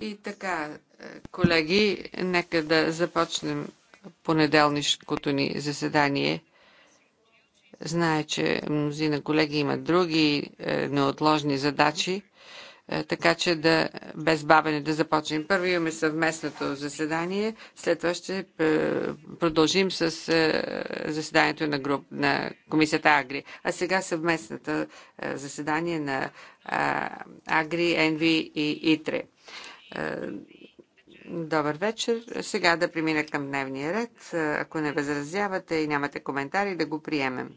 И така, колеги, нека да започнем понеделнишкото ни заседание. Знае, че мнозина колеги имат други неотложни задачи. Е, така че да без бавене да започнем. Първо имаме съвместното заседание, след това ще е, продължим с е, заседанието на, груп, на комисията Агри. А сега съвместното заседание на Агри, Енви и Итре. Добър вечер. Сега да премина към дневния ред. Ако не възразявате и нямате коментари, да го приемем.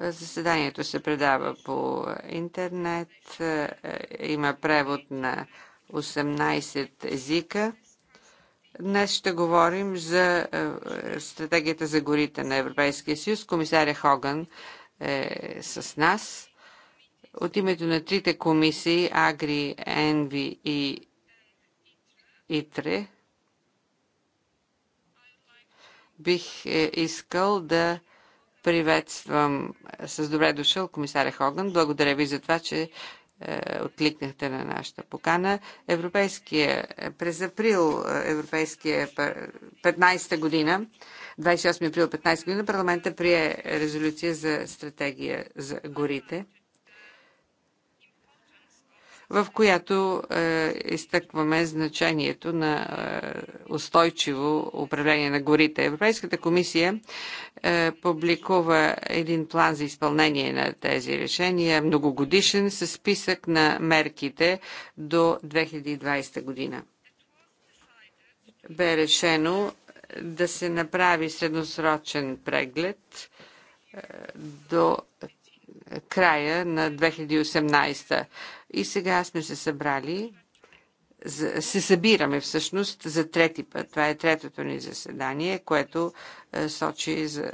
Заседанието се предава по интернет. Е, има превод на 18 езика. Днес ще говорим за е, стратегията за горите на Европейския съюз. Комисаря Хоган е с нас. От името на трите комисии Агри, Енви и Итре бих е, искал да Приветствам е, с добре дошъл комисаря Хоган. Благодаря ви за това, че е, откликнахте на нашата покана. Европейския, е, през април европейския 15-та година, 28 април 15 година, парламента прие резолюция за стратегия за горите в която е, изтъкваме значението на е, устойчиво управление на горите. Европейската комисия е, публикува един план за изпълнение на тези решения, многогодишен с списък на мерките до 2020 година. Бе решено е, да се направи средносрочен преглед е, до края на 2018. И сега сме се събрали, се събираме всъщност за трети път. Това е третото ни заседание, което е, сочи за е,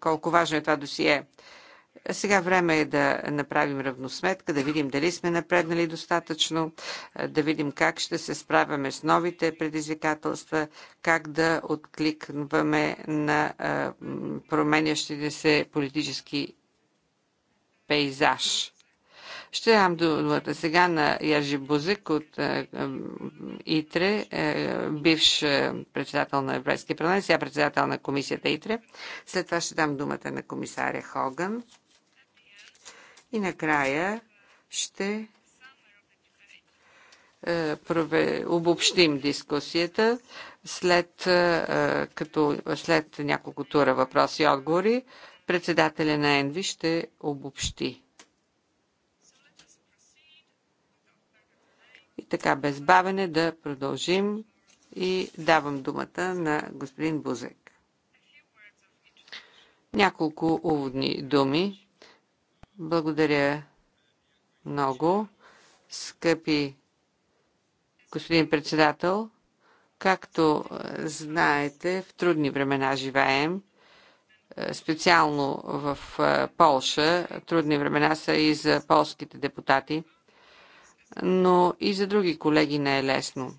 колко важно е това досие. Сега време е да направим равносметка, да видим дали сме напреднали достатъчно, е, да видим как ще се справяме с новите предизвикателства, как да откликваме на променящите се политически пейзаж. Ще дам думата сега на Яжи Бузик от е, е, ИТРЕ, е, бивш председател на Европейския парламент, сега председател на комисията ИТРЕ. След това ще дам думата на комисаря Хоган. И накрая ще обобщим дискусията след, като, след няколко тура въпроси и отговори. Председателя на Енви ще обобщи. И така, без бавене да продължим и давам думата на господин Бузек. Няколко уводни думи. Благодаря много, скъпи господин председател. Както знаете, в трудни времена живеем – специално в е, Полша. Трудни времена са и за полските депутати, но и за други колеги не е лесно.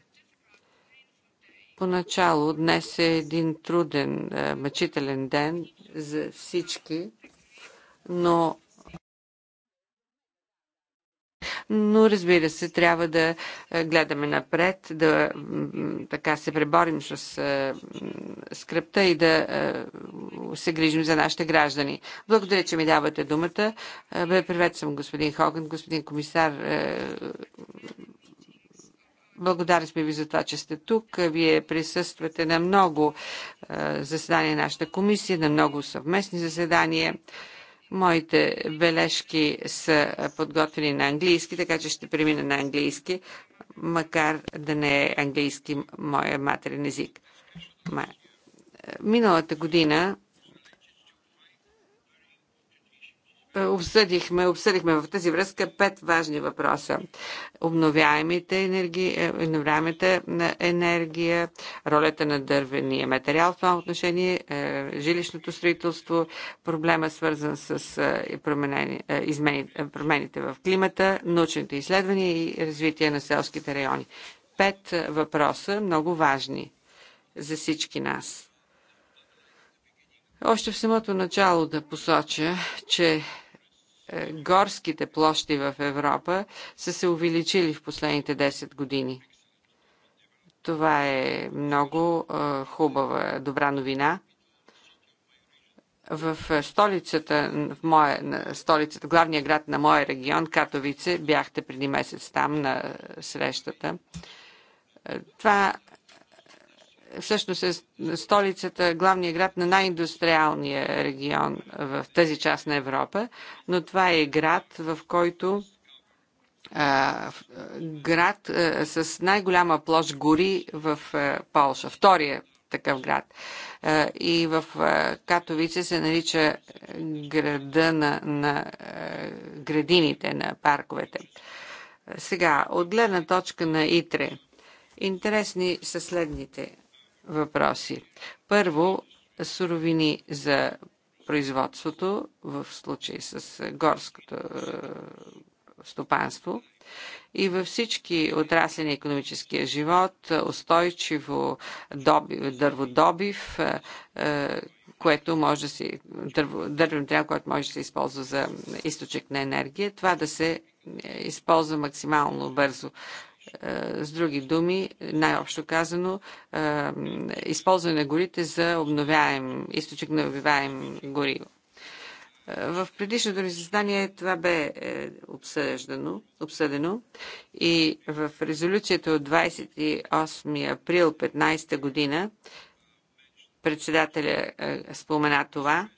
Поначало днес е един труден, е, мъчителен ден за всички, но но разбира се, трябва да гледаме напред, да така се преборим с скръпта и да се грижим за нашите граждани. Благодаря, че ми давате думата. Привет приветствам господин Хоган, господин комисар. благодаря сме ви за това, че сте тук. Вие присъствате на много заседания на нашата комисия, на много съвместни заседания. Моите бележки са подготвени на английски, така че ще премина на английски, макар да не е английски моя матерен език. Е, миналата година обсъдихме, обсъдихме в тази връзка пет важни въпроса. Обновяемите енергии, е, на енергия, ролята на дървения материал в това отношение, е, жилищното строителство, проблема свързан с е, промените в климата, научните изследвания и развитие на селските райони. Пет въпроса, много важни за всички нас. Още в самото начало да посоча, че е, горските площи в Европа са се увеличили в последните 10 години. Това е много е, хубава, добра новина. В е, столицата, в моя, столицата, главния град на моя регион, Катовице, бяхте преди месец там на срещата. Това всъщност е столицата, главният град на най-индустриалния регион в тази част на Европа, но това е град, в който а, град а, с най-голяма площ гори в а, Полша. Втория такъв град. И в Катовице се нарича града на, на градините, на парковете. Сега, от гледна точка на Итре, интересни са следните въпроси. Първо, суровини за производството, в случай с е, горското е, стопанство и във всички отрасли на економическия живот, е, устойчиво добив, дърводобив, което може да се, дървен материал, който може да се използва за източник на енергия, това да се използва максимално бързо. Е, с други думи, най-общо казано, е, използване на горите за обновяем, източник на обновяем гориво. Е, в предишното ни заседание това бе обсъждано, обсъдено и в резолюцията от 28 април 15 година председателя спомена това.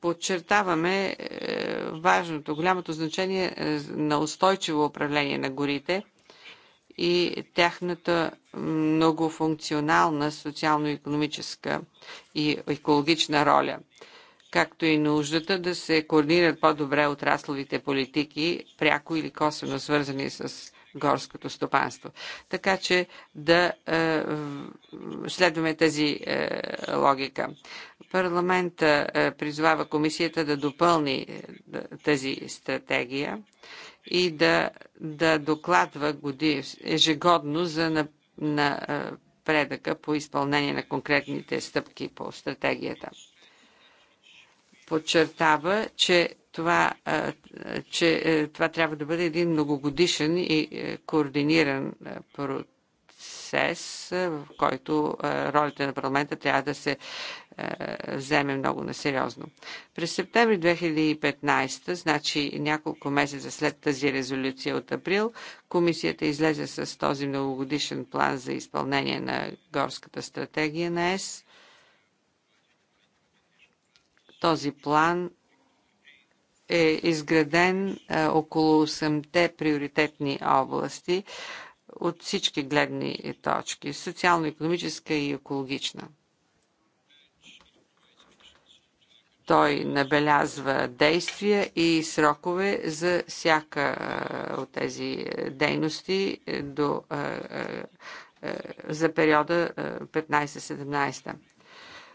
Подчертаваме важното, голямото значение е, на устойчиво управление на горите и тяхната многофункционална социално-економическа и екологична роля, както и нуждата да се координират по-добре отрасловите политики, пряко или косвено свързани с горското стопанство. Така че да е, следваме тази е, логика. Парламента е, призвава комисията да допълни е, тази стратегия и да, да докладва годи, ежегодно за на, на е, предъка по изпълнение на конкретните стъпки по стратегията. Подчертава, че това, че това трябва да бъде един многогодишен и координиран процес, в който ролите на парламента трябва да се е, вземе много насериозно. През септември 2015, значи няколко месеца след тази резолюция от април, комисията излезе с този многогодишен план за изпълнение на горската стратегия на ЕС. Този план е изграден е, около 8-те приоритетни области от всички гледни точки социално-економическа и екологична. Той набелязва действия и срокове за всяка от тези е, дейности е, до, е, за периода 15-17.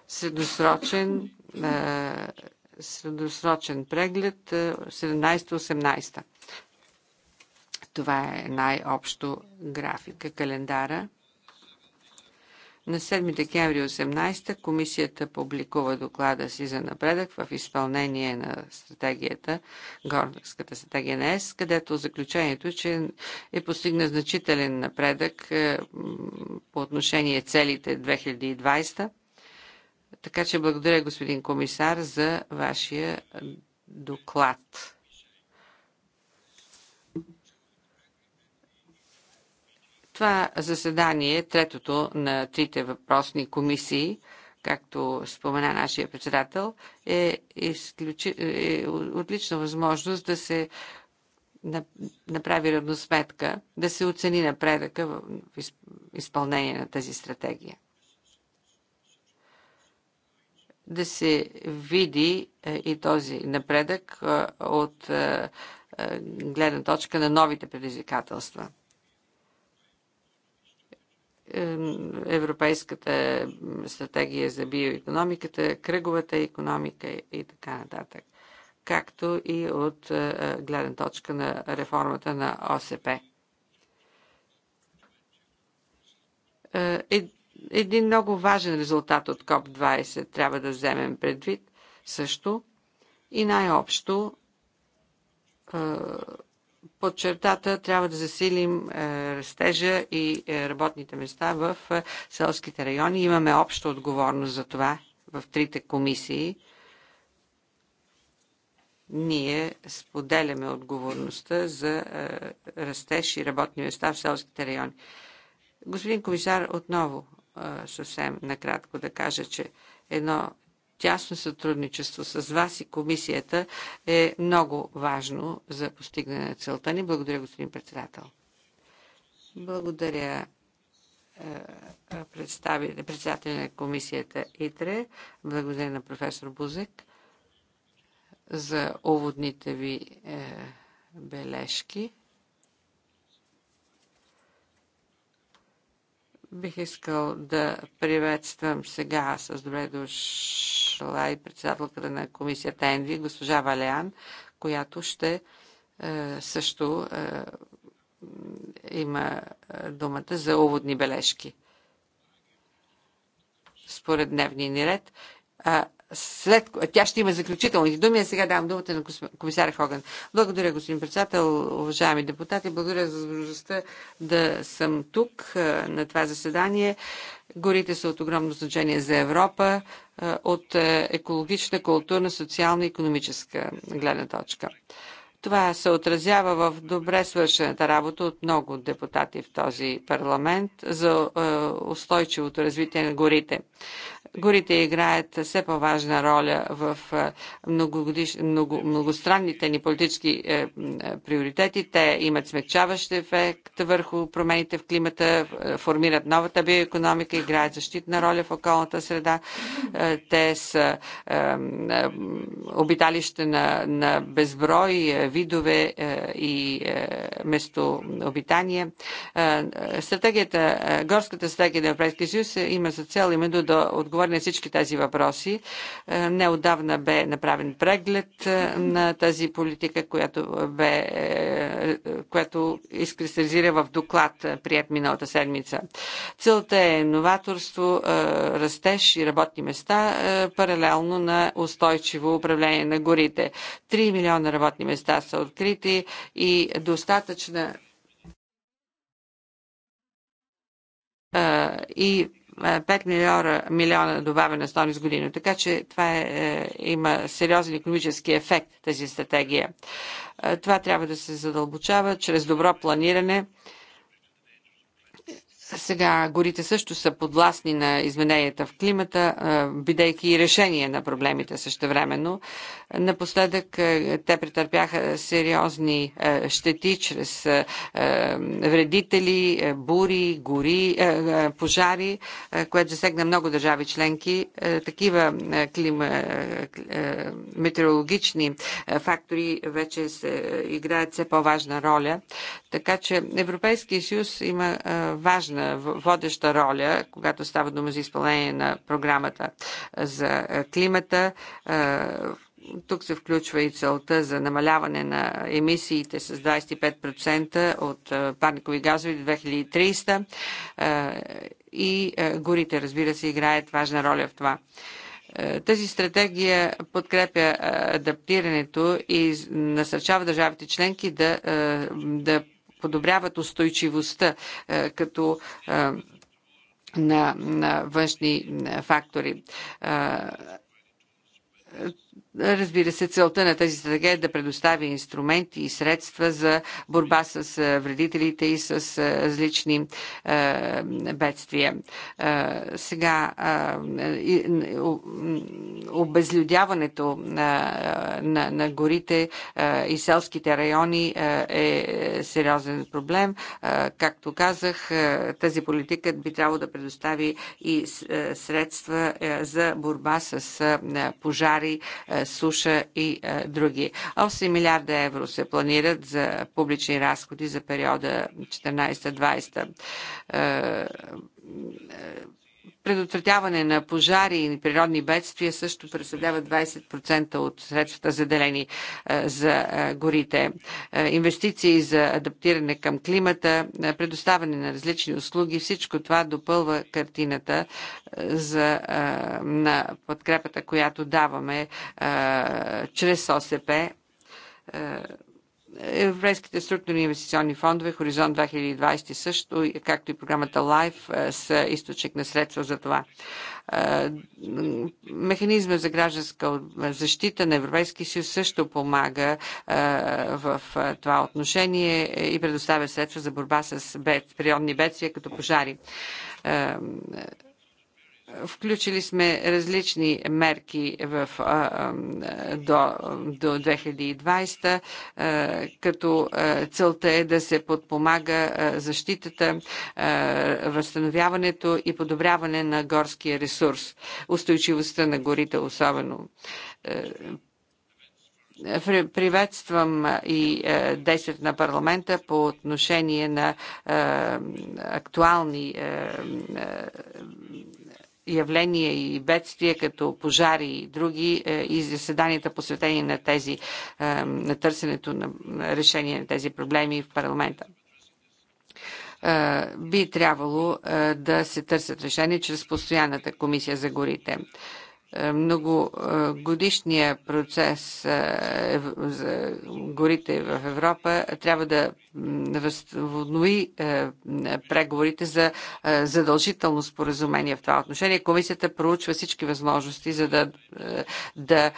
Средосрочен, средосрочен преглед 17-18. Това е най-общо графика, календара. На 7 декември 18 комисията публикува доклада си за напредък в изпълнение на стратегията, горската стратегия на ЕС, където заключението, е, че е постигна значителен напредък е, по отношение целите 2020. Така че благодаря, господин комисар, за вашия доклад. Това заседание, третото на трите въпросни комисии, както спомена нашия председател, е, изключи... е отлична възможност да се направи равносметка, да се оцени напредъка в изпълнение на тази стратегия. Да се види е, и този напредък е, от е, гледна точка на новите предизвикателства – Европейската стратегия за биоекономиката, кръговата економика и така нататък. Както и от е, гледна точка на реформата на ОСП. Е, един много важен резултат от КОП-20 трябва да вземем предвид също и най-общо е, подчертата трябва да засилим е, растежа и е, работните места в е, селските райони. Имаме обща отговорност за това в трите комисии. Ние споделяме отговорността за растеж и работни места в селските райони. Господин комисар, отново съвсем накратко да кажа, че едно тясно сътрудничество с вас и комисията е много важно за постигане на целта ни. Благодаря, господин председател. Благодаря е, председател на комисията ИТРЕ. Благодаря на професор Бузек за уводните ви е, бележки. Бих искал да приветствам сега с добре дошъл дошла и председателката на комисията Енви, госпожа Валеан, която ще е, също е, има е, думата за уводни бележки. Според дневния ни ред. А, след, тя ще има заключителните думи, а сега давам думата на комисаря Хоган. Благодаря, господин председател, уважаеми депутати, благодаря за възможността да съм тук на това заседание. Горите са от огромно значение за Европа, от е, екологична, културна, социална и економическа гледна точка. Това се отразява в добре свършената работа от много депутати в този парламент за е, устойчивото развитие на горите. Горите играят все по-важна роля в е, многогодиш... много... многостранните ни политически е, приоритети. Те имат смягчаващ ефект върху промените в климата, формират новата биоекономика, играят защитна роля в околната среда. те са обиталище на, на безброй видове е, и е, местообитания. Е, стратегията, горската стратегия на Европейския съюз има за цел именно да отговори на всички тези въпроси. Неодавна бе направен преглед на тази политика, която, бе, която изкристализира в доклад, прият миналата седмица. Целта е новаторство, растеж и работни места паралелно на устойчиво управление на горите. 3 милиона работни места са открити и достатъчна и 5 милиона, милиона добавена стойност година. Така че това е, е има сериозен економически ефект тази стратегия. Това трябва да се задълбочава чрез добро планиране сега горите също са подвластни на измененията в климата, бидейки и решение на проблемите същевременно. Напоследък те претърпяха сериозни щети чрез вредители, бури, гори, пожари, което засегна много държави членки. Такива клима, метеорологични фактори вече се играят все по-важна роля. Така че Европейския съюз има важна важна, водеща роля, когато става дума за изпълнение на програмата за климата. Тук се включва и целта за намаляване на емисиите с 25% от парникови газови до 2300 и горите, разбира се, играят важна роля в това. Тази стратегия подкрепя адаптирането и насърчава държавите членки да, да подобряват устойчивостта е, като е, на, на външни е, фактори. Разбира се, целта на тази стратегия е да предостави инструменти и средства за борба с вредителите и с различни бедствия. Сега обезлюдяването на, на, на горите е, и селските райони е, е сериозен проблем. Е, както казах, тази политика би трябвало да предостави и средства за борба с пожари, суша и други. 8 милиарда евро се планират за публични разходи за периода 14-20 Предотвратяване на пожари и природни бедствия също представлява 20% от средствата заделени е, за е, горите. Е, инвестиции за адаптиране към климата, предоставяне на различни услуги, всичко това допълва картината за, на подкрепата, която даваме чрез ОСП Европейските структурни инвестиционни фондове, Хоризонт 2020 също, както и програмата LIFE е, са източник на средства за това. Е, механизма за гражданска защита на Европейския съюз също помага е, в това отношение и предоставя средства за борба с бед, природни бедствия като пожари Включили сме различни мерки в, до, до 2020, като целта е да се подпомага защитата, възстановяването и подобряване на горския ресурс, устойчивостта на горите особено приветствам и действията на парламента по отношение на актуални явления и бедствия, като пожари и други, е, и заседанията посветени на тези, е, на търсенето на решение на тези проблеми в парламента е, би трябвало да се търсят решения чрез постоянната комисия за горите. Е, многогодишния процес е, е, за горите в Европа трябва да възстанови преговорите за задължително споразумение в това отношение. Комисията проучва всички възможности за да, да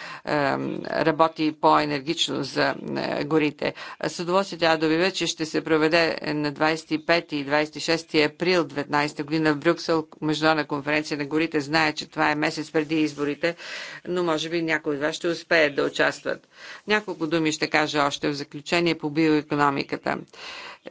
работи по-енергично за горите. С удоволствие трябва да обявя, че ще се проведе на 25 и 26 април 2019 година в Брюксел Международна конференция на горите. Знае, че това е месец преди избор изборите, но може би някои от вас ще успеят да участват. Няколко думи ще кажа още в заключение по биоекономиката.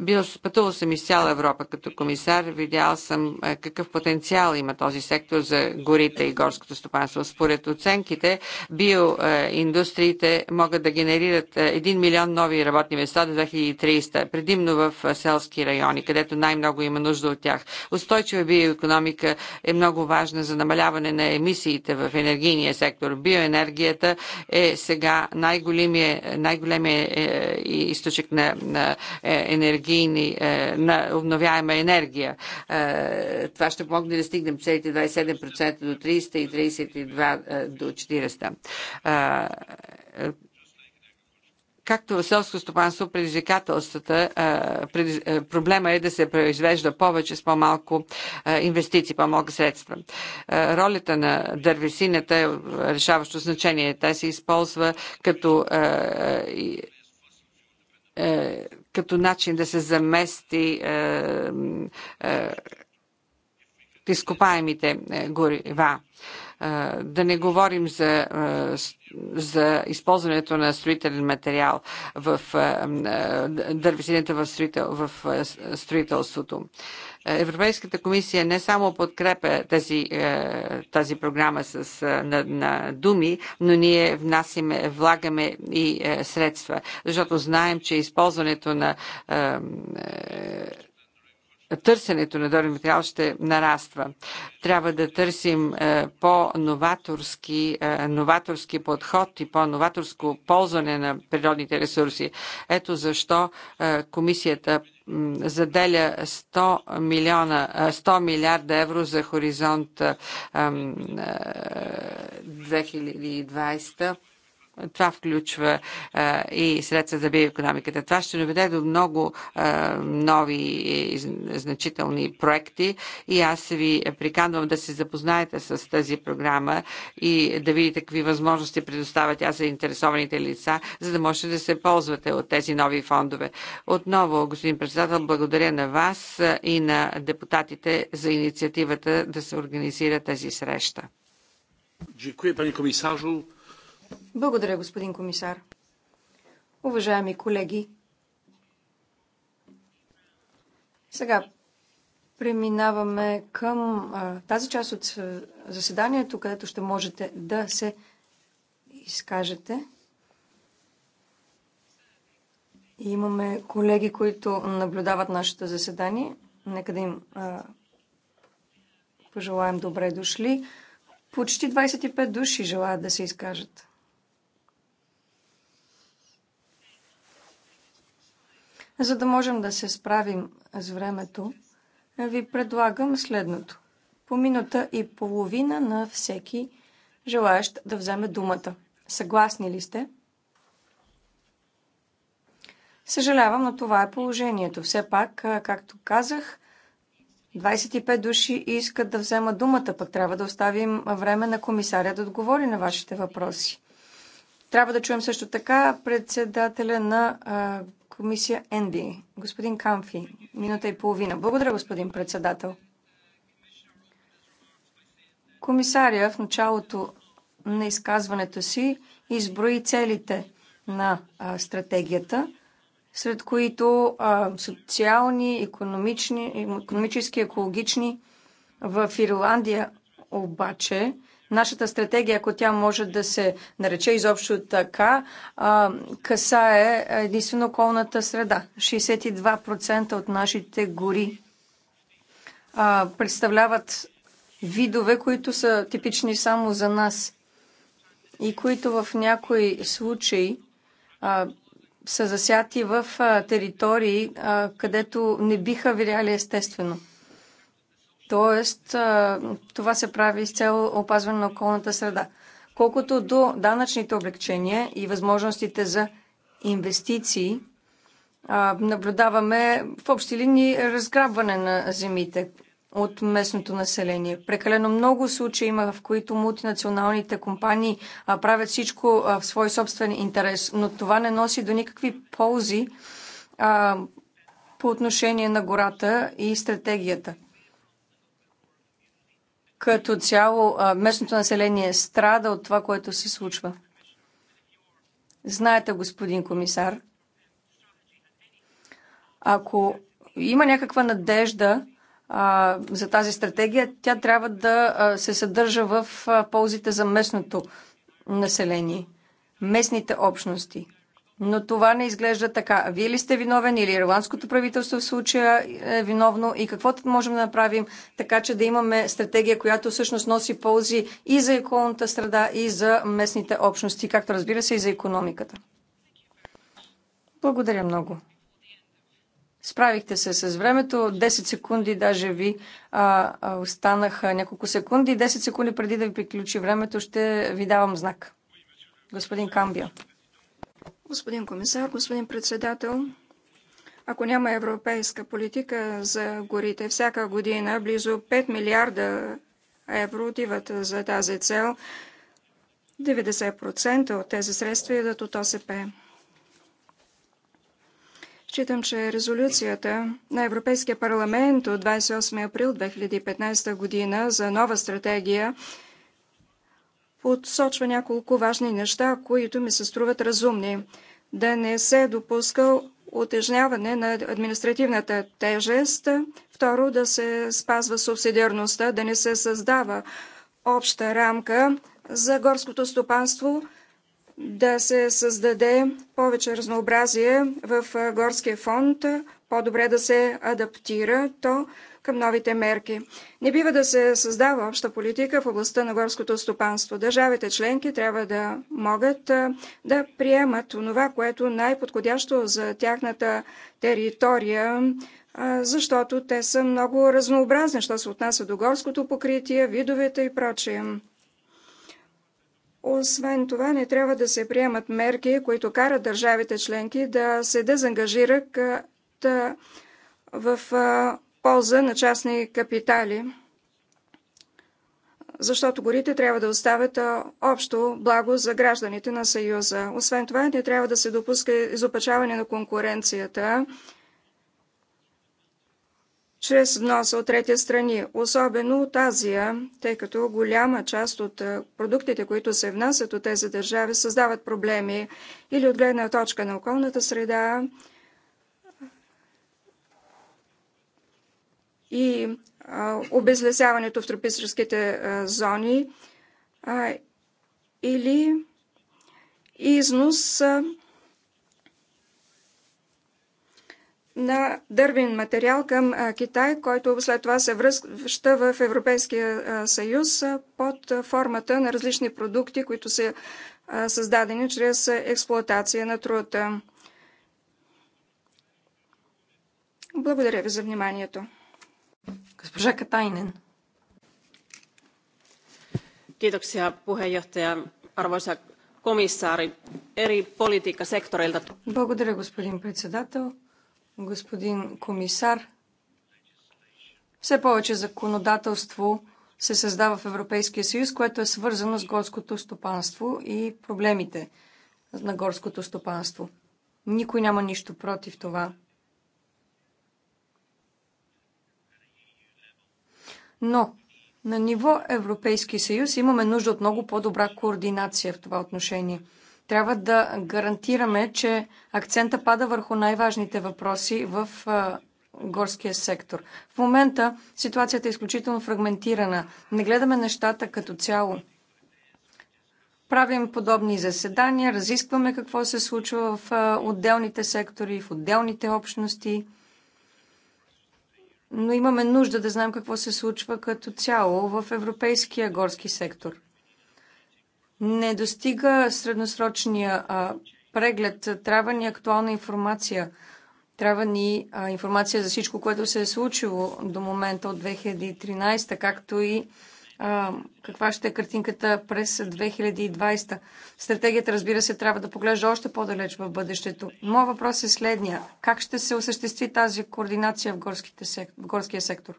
Бил, пътувал съм из цяла Европа като комисар, видял съм какъв потенциал има този сектор за горите и горското стопанство. Според оценките, биоиндустриите могат да генерират 1 милион нови работни места до 2300, предимно в селски райони, където най-много има нужда от тях. Устойчива биоекономика е много важна за намаляване на емисиите в енергийния сектор. Биоенергията е сега най-големия най е, е, източник на, на е, енергия енергийни, е, на обновяема енергия. Е, това ще помогне да стигнем целите 27% до 30% и 32% е, до 40% както в селско стопанство, предизвикателствата, проблема е да се произвежда повече с по-малко инвестиции, по-малко средства. Ролята на дървесината е решаващо значение. Тя се използва като като начин да се замести е, е, изкопаемите е, горива. Е, да не говорим за, е, за използването на строителен материал в дървесината в, строител, в строителството. Европейската комисия не само подкрепя тази, е, тази програма с, е, на, на думи, но ние внасиме, влагаме и е, средства, защото знаем, че използването на търсенето на дори материал ще нараства. Трябва да търсим е, по-новаторски е, новаторски подход и по-новаторско ползване на природните ресурси. Ето защо е, комисията заделя 100, милиона, 100 милиарда евро за хоризонт 2020 това включва а, и средства за биоекономиката. Това ще доведе до много а, нови и значителни проекти и аз ви приканвам да се запознаете с тази програма и да видите какви възможности предоставя тя за интересованите лица, за да можете да се ползвате от тези нови фондове. Отново, господин председател, благодаря на вас и на депутатите за инициативата да се организира тази среща. Дякую, пани комисажу. Благодаря, господин комисар. Уважаеми колеги, сега преминаваме към а, тази част от заседанието, където ще можете да се изкажете. И имаме колеги, които наблюдават нашето заседание. Нека да им а, пожелаем добре дошли. Почти 25 души желаят да се изкажат. За да можем да се справим с времето, ви предлагам следното. По минута и половина на всеки желаящ да вземе думата. Съгласни ли сте? Съжалявам, но това е положението. Все пак, както казах, 25 души искат да вземат думата, пък трябва да оставим време на комисаря да отговори на вашите въпроси. Трябва да чуем също така председателя на комисия Енви. Господин Камфи, минута и половина. Благодаря, господин председател. Комисария в началото на изказването си изброи целите на а, стратегията, сред които а, социални, економични, економически, екологични. В Ирландия обаче Нашата стратегия, ако тя може да се нарече изобщо така, касае единствено околната среда. 62% от нашите гори представляват видове, които са типични само за нас и които в някои случаи са засяти в територии, където не биха виряли естествено. Тоест, това се прави с цел опазване на околната среда. Колкото до данъчните облегчения и възможностите за инвестиции, наблюдаваме в общи линии разграбване на земите от местното население. Прекалено много случаи има, в които мултинационалните компании правят всичко в свой собствен интерес, но това не носи до никакви ползи по отношение на гората и стратегията като цяло местното население страда от това, което се случва. Знаете, господин комисар, ако има някаква надежда а, за тази стратегия, тя трябва да а, се съдържа в а, ползите за местното население, местните общности но това не изглежда така. Вие ли сте виновен или ирландското правителство в случая е виновно и какво можем да направим така, че да имаме стратегия, която всъщност носи ползи и за околната среда, и за местните общности, както разбира се и за економиката. Благодаря много. Справихте се с времето. 10 секунди даже ви а, а, останаха няколко секунди. 10 секунди преди да ви приключи времето ще ви давам знак. Господин Камбия. Господин комисар, господин председател, ако няма европейска политика за горите, всяка година близо 5 милиарда евро отиват за тази цел. 90% от тези средства идват от ОСП. Считам, че резолюцията на Европейския парламент от 28 април 2015 година за нова стратегия подсочва няколко важни неща, които ми се струват разумни. Да не се допуска отежняване на административната тежест. Второ, да се спазва субсидиарността, да не се създава обща рамка за горското стопанство, да се създаде повече разнообразие в горския фонд, по-добре да се адаптира то към новите мерки. Не бива да се създава обща политика в областта на горското стопанство. Държавите членки трябва да могат да приемат онова, което е най-подходящо за тяхната територия, защото те са много разнообразни, що се отнася до горското покритие, видовете и прочие. Освен това, не трябва да се приемат мерки, които карат държавите членки да се дезангажират в полза на частни капитали, защото горите трябва да оставят общо благо за гражданите на Съюза. Освен това, не трябва да се допуска изопачаване на конкуренцията чрез вноса от трети страни, особено от Азия, тъй като голяма част от продуктите, които се внасят от тези държави, създават проблеми или от гледна точка на околната среда, и обезлесяването в тропическите зони или износ на дървен материал към Китай, който след това се връща в Европейския съюз под формата на различни продукти, които са създадени чрез експлоатация на труда. Благодаря ви за вниманието. Госпожа Катайнен. Kiitoksia puheenjohtaja, arvoisa комисари, eri политикасекторilta. Благодаря, господин председател. Господин комисар, все повече законодателство се създава в Европейския съюз, което е свързано с горското стопанство и проблемите на горското стопанство. Никой няма нищо против това. Но на ниво Европейски съюз имаме нужда от много по-добра координация в това отношение. Трябва да гарантираме, че акцента пада върху най-важните въпроси в горския сектор. В момента ситуацията е изключително фрагментирана. Не гледаме нещата като цяло. Правим подобни заседания, разискваме какво се случва в отделните сектори, в отделните общности – но имаме нужда да знаем какво се случва като цяло в европейския горски сектор. Не достига средносрочния а, преглед, трябва ни актуална информация. Трябва ни а, информация за всичко, което се е случило до момента от 2013, както и а, каква ще е картинката през 2020. Стратегията, разбира се, трябва да поглежда още по-далеч в бъдещето. Моят въпрос е следния. Как ще се осъществи тази координация в, сек... в горския сектор?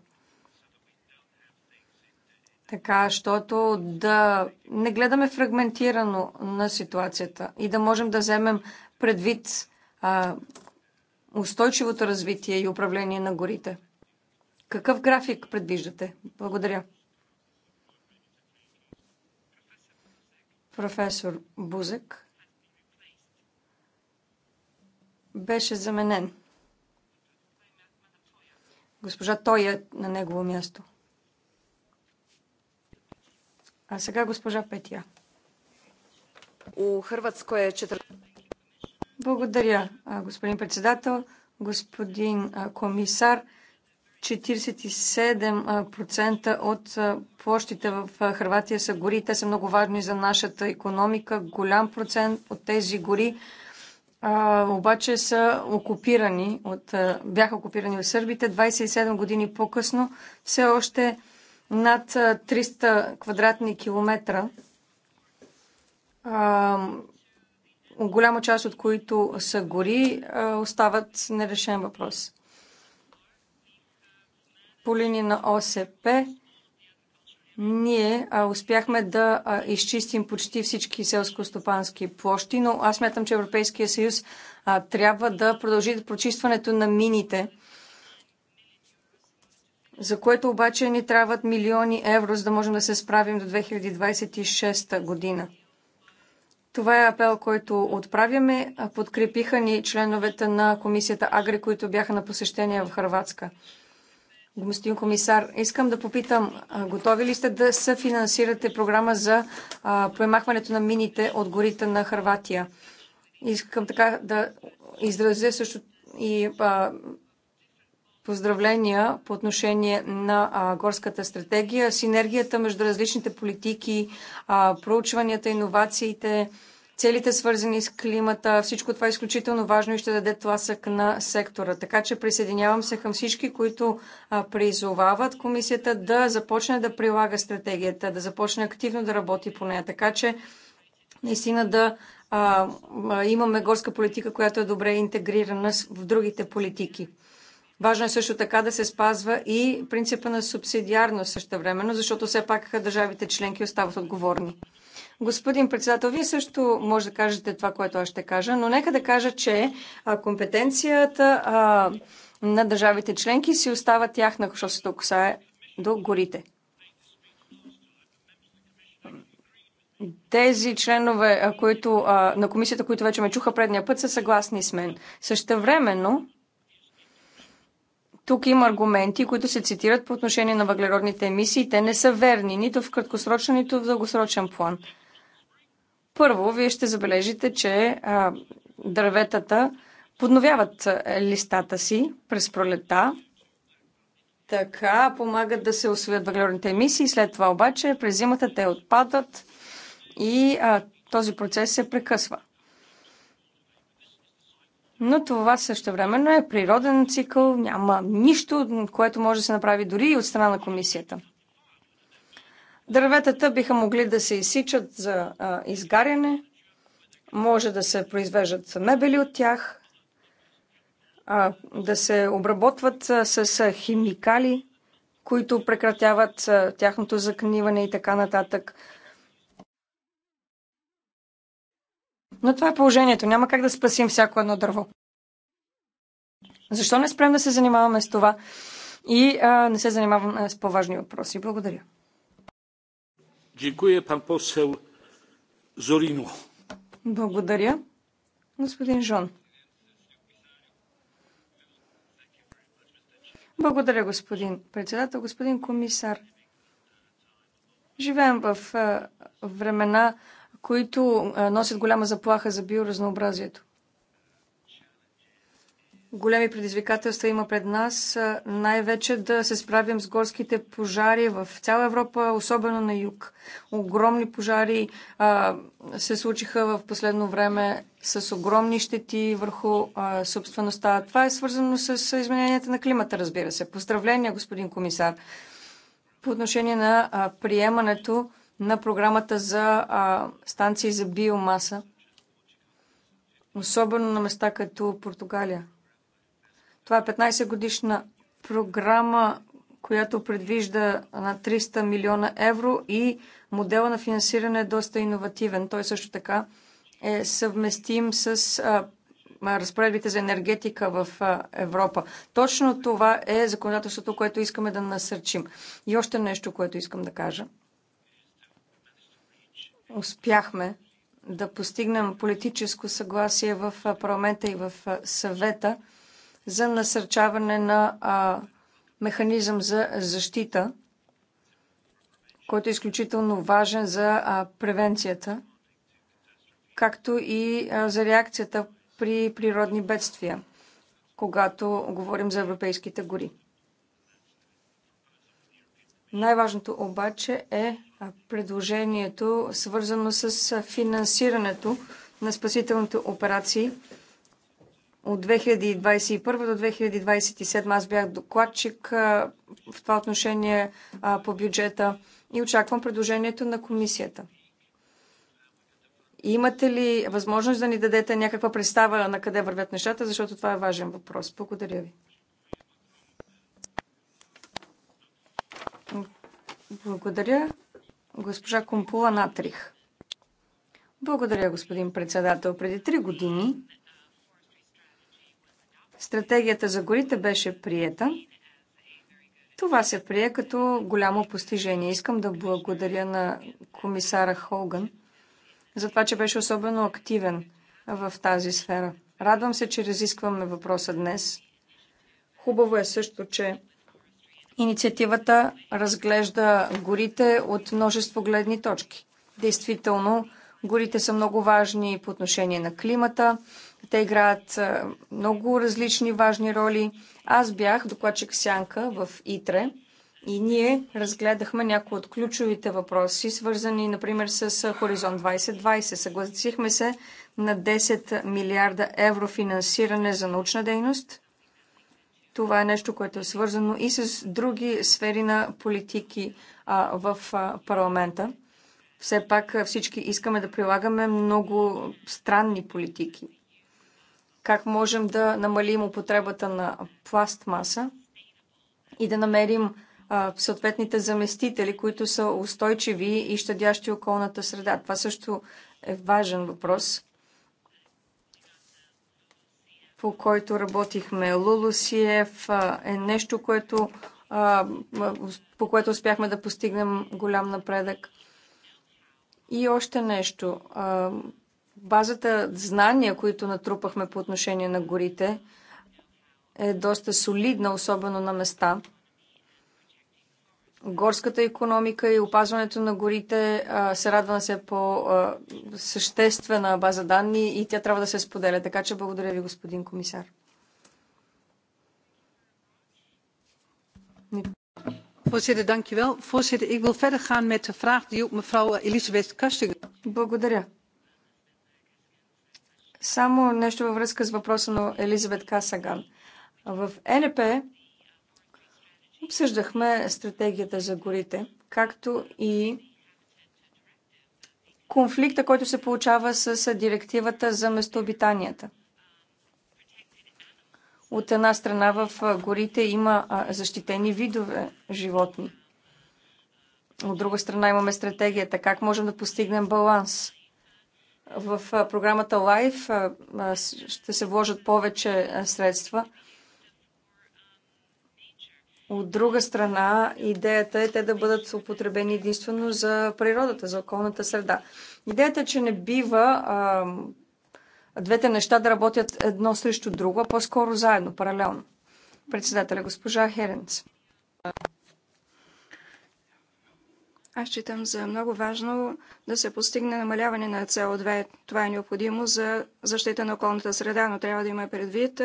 Така, защото да не гледаме фрагментирано на ситуацията и да можем да вземем предвид а, устойчивото развитие и управление на горите. Какъв график предвиждате? Благодаря. професор Бузък беше заменен. Госпожа Той е на негово място. А сега госпожа Петя. У Хрватско е четвър... Благодаря, господин председател, господин комисар. 47% от площите в Хрватия са гори. Те са много важни за нашата економика. Голям процент от тези гори а, обаче са окупирани, от, а, бяха окупирани от сърбите. 27 години по-късно все още над 300 квадратни километра, а, голяма част от които са гори, а, остават нерешен въпрос по линия на ОСП ние а, успяхме да а, изчистим почти всички селско-стопански площи, но аз мятам, че Европейския съюз а, трябва да продължи прочистването на мините, за което обаче ни трябват милиони евро, за да можем да се справим до 2026 година. Това е апел, който отправяме. Подкрепиха ни членовете на комисията Агри, които бяха на посещение в Харватска господин комисар, искам да попитам, готови ли сте да съфинансирате програма за премахването на мините от горите на Харватия? Искам така да изразя също и а, поздравления по отношение на а, горската стратегия, синергията между различните политики, а, проучванията, иновациите, целите свързани с климата, всичко това е изключително важно и ще даде тласък на сектора. Така че присъединявам се към всички, които призовават комисията да започне да прилага стратегията, да започне активно да работи по нея. Така че наистина да а, имаме горска политика, която е добре интегрирана в другите политики. Важно е също така да се спазва и принципа на субсидиарност също времено, защото все пак държавите членки остават отговорни. Господин председател, вие също може да кажете това, което аз ще кажа, но нека да кажа, че компетенцията а, на държавите членки си остава тяхна, защото се докосае до горите. Тези членове които, а, на комисията, които вече ме чуха предния път, са съгласни с мен. Същевременно, тук има аргументи, които се цитират по отношение на въглеродните емисии. Те не са верни нито в краткосрочен, нито в дългосрочен план. Първо, вие ще забележите, че а, дърветата подновяват листата си през пролета. Така помагат да се освоят въглеродните емисии. След това обаче през зимата те отпадат и а, този процес се прекъсва. Но това също времено е природен цикъл, няма нищо, което може да се направи дори и от страна на комисията. Дърветата биха могли да се изсичат за а, изгаряне, може да се произвеждат мебели от тях, а, да се обработват а, с а, химикали, които прекратяват а, тяхното закниване и така нататък. Но това е положението. Няма как да спасим всяко едно дърво. Защо не спрем да се занимаваме с това и а, не се занимаваме с по-важни въпроси? Благодаря. Благодаря. Господин Жон. Благодаря, господин председател, господин комисар. Живеем в времена, които носят голяма заплаха за биоразнообразието големи предизвикателства има пред нас, най-вече да се справим с горските пожари в цяла Европа, особено на юг. Огромни пожари а, се случиха в последно време с огромни щети върху а, собствеността. Това е свързано с измененията на климата, разбира се. Поздравления, господин комисар, по отношение на а, приемането на програмата за а, станции за биомаса, особено на места като Португалия. Това е 15 годишна програма, която предвижда на 300 милиона евро и модела на финансиране е доста иновативен. Той също така е съвместим с а, разпоредбите за енергетика в а, Европа. Точно това е законодателството, което искаме да насърчим. И още нещо, което искам да кажа. Успяхме да постигнем политическо съгласие в парламента и в съвета – за насърчаване на а, механизъм за защита, който е изключително важен за а, превенцията, както и а, за реакцията при природни бедствия, когато говорим за европейските гори. Най-важното обаче е предложението, свързано с финансирането на спасителните операции от 2021 до 2027 аз бях докладчик в това отношение по бюджета и очаквам предложението на комисията. Имате ли възможност да ни дадете някаква представа на къде вървят нещата, защото това е важен въпрос. Благодаря ви. Благодаря. Госпожа Компула Натрих. Благодаря, господин председател. Преди три години Стратегията за горите беше приета. Това се прие като голямо постижение. Искам да благодаря на комисара Холган за това, че беше особено активен в тази сфера. Радвам се, че разискваме въпроса днес. Хубаво е също, че инициативата разглежда горите от множество гледни точки. Действително, горите са много важни по отношение на климата, те играят много различни важни роли. Аз бях докладчик Сянка в ИТРЕ и ние разгледахме някои от ключовите въпроси, свързани, например, с Хоризонт 2020. Съгласихме се на 10 милиарда евро финансиране за научна дейност. Това е нещо, което е свързано и с други сфери на политики а, в а, парламента. Все пак всички искаме да прилагаме много странни политики как можем да намалим употребата на пластмаса и да намерим съответните заместители, които са устойчиви и щадящи околната среда. Това също е важен въпрос, по който работихме. Лулусиев е нещо, което, по което успяхме да постигнем голям напредък. И още нещо базата знания, които натрупахме по отношение на горите, е доста солидна, особено на места. Горската економика и опазването на горите се радва на се по съществена база данни и тя трябва да се споделя. Така че благодаря ви, господин комисар. Voorzitter, Voorzitter, ik wil verder gaan met de vraag die ook mevrouw Elisabeth Kastinger. Благодаря. Само нещо във връзка с въпроса на Елизабет Касаган. В е НП обсъждахме стратегията за горите, както и конфликта, който се получава с директивата за местообитанията. От една страна в горите има защитени видове животни. От друга страна имаме стратегията. Как можем да постигнем баланс? В програмата Live ще се вложат повече средства. От друга страна, идеята е те да бъдат употребени единствено за природата, за околната среда. Идеята е, че не бива а, двете неща да работят едно срещу друго, а по-скоро заедно, паралелно. Председателя госпожа Херенц. Аз считам за много важно да се постигне намаляване на со 2 Това е необходимо за защита на околната среда, но трябва да има предвид,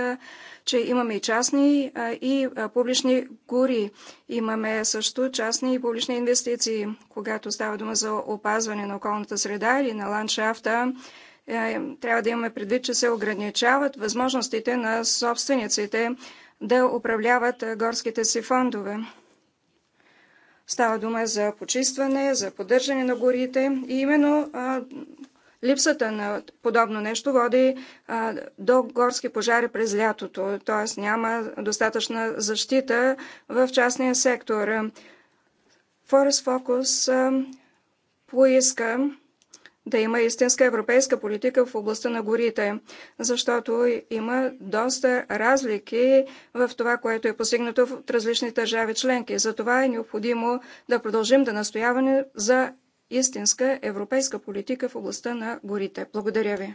че имаме и частни и публични гори. Имаме също частни и публични инвестиции. Когато става дума за опазване на околната среда или на ландшафта, е, трябва да имаме предвид, че се ограничават възможностите на собствениците да управляват горските си фондове. Става дума за почистване, за поддържане на горите и именно а, липсата на подобно нещо води а, до горски пожари през лятото, т.е. няма достатъчна защита в частния сектор. Forest Focus а, поиска да има истинска европейска политика в областта на горите, защото има доста разлики в това, което е постигнато в различните държави членки. Затова е необходимо да продължим да настояваме за истинска европейска политика в областта на горите. Благодаря ви.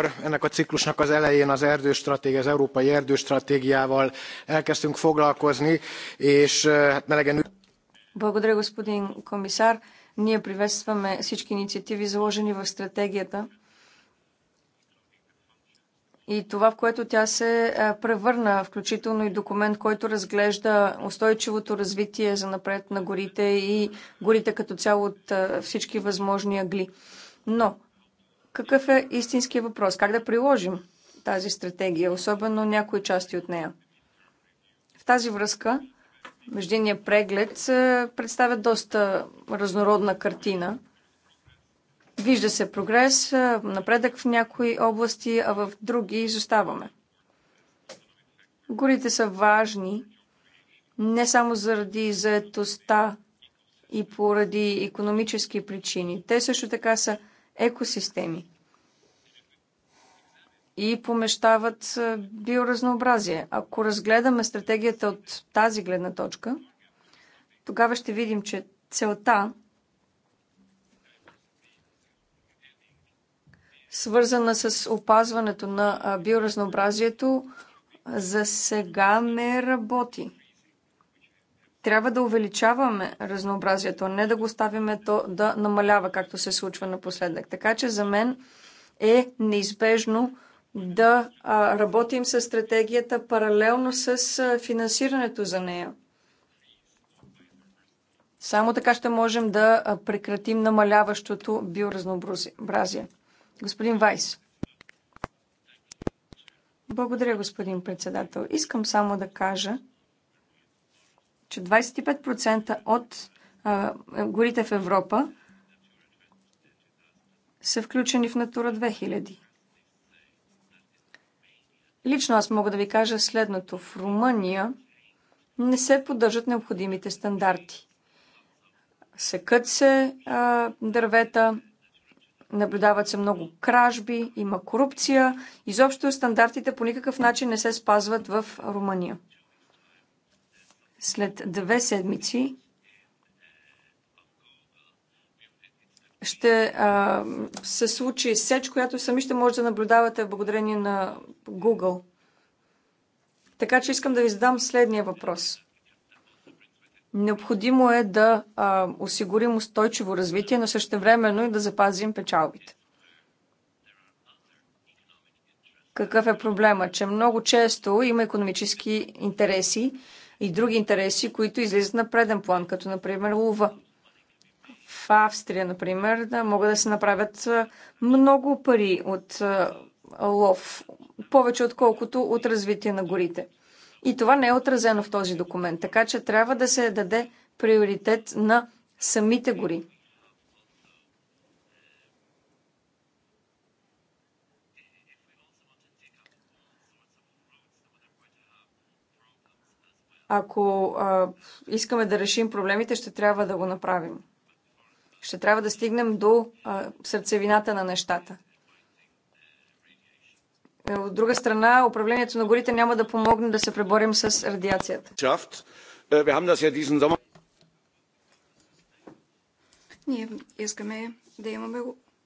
ennek a ciklusnak az elején az erdőstratégia, az európai erdőstratégiával elkezdtünk foglalkozni, és eh, hát melegen... Благодаря, господин комисар. Ние приветстваме всички инициативи, заложени в стратегията и това, в което тя се превърна, включително и документ, който разглежда устойчивото развитие за напред на горите и горите като цяло от всички възможни агли. Но какъв е истинския въпрос? Как да приложим тази стратегия, особено някои части от нея? В тази връзка междинният преглед е, представя доста разнородна картина. Вижда се прогрес, е, напредък в някои области, а в други изоставаме. Горите са важни не само заради заетостта и поради економически причини. Те също така са екосистеми и помещават биоразнообразие. Ако разгледаме стратегията от тази гледна точка, тогава ще видим, че целта, свързана с опазването на биоразнообразието, за сега не работи. Трябва да увеличаваме разнообразието, а не да го ставиме то да намалява, както се случва напоследък. Така че за мен е неизбежно да а, работим с стратегията паралелно с а, финансирането за нея. Само така ще можем да прекратим намаляващото биоразнообразие. Господин Вайс. Благодаря, господин председател. Искам само да кажа, че 25% от а, горите в Европа са включени в Натура 2000. Лично аз мога да ви кажа следното. В Румъния не се поддържат необходимите стандарти. Секът се а, дървета, наблюдават се много кражби, има корупция. Изобщо стандартите по никакъв начин не се спазват в Румъния. След две седмици ще а, се случи сеч, която сами ще може да наблюдавате благодарение на Google. Така че искам да ви задам следния въпрос. Необходимо е да а, осигурим устойчиво развитие, но същевременно и да запазим печалбите. Какъв е проблема? Че много често има економически интереси, и други интереси, които излизат на преден план, като например лова. В Австрия, например, да, могат да се направят много пари от лов, повече отколкото от развитие на горите. И това не е отразено в този документ, така че трябва да се даде приоритет на самите гори. Ако а, искаме да решим проблемите, ще трябва да го направим. Ще трябва да стигнем до а, сърцевината на нещата. Е, от друга страна, управлението на горите няма да помогне да се преборим с радиацията. Е, Ние искаме да имаме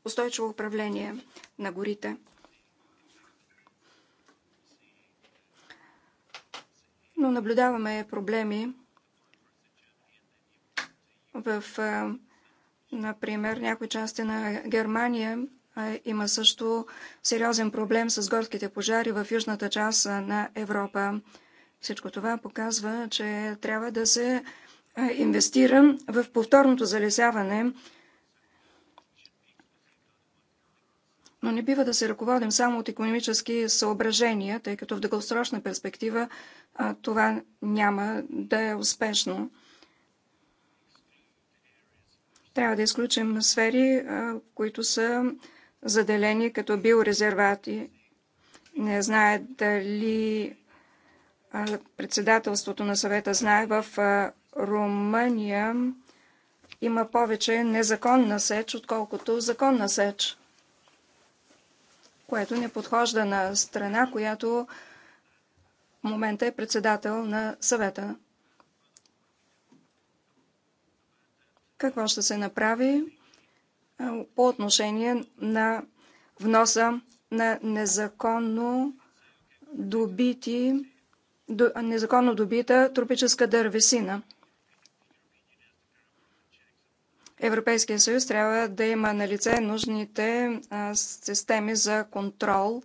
устойчиво управление на горите. но наблюдаваме проблеми в, например, някои части на Германия. Има също сериозен проблем с горските пожари в южната част на Европа. Всичко това показва, че трябва да се инвестира в повторното залесяване но не бива да се ръководим само от економически съображения, тъй като в дългосрочна перспектива а, това няма да е успешно. Трябва да изключим сфери, а, които са заделени като биорезервати. Не знае дали а, председателството на съвета знае в а, Румъния има повече незаконна сеч, отколкото законна сеч което не подхожда на страна, която в момента е председател на съвета. Какво ще се направи по отношение на вноса на незаконно добити, незаконно добита тропическа дървесина? Европейския съюз трябва да има на лице нужните системи за контрол.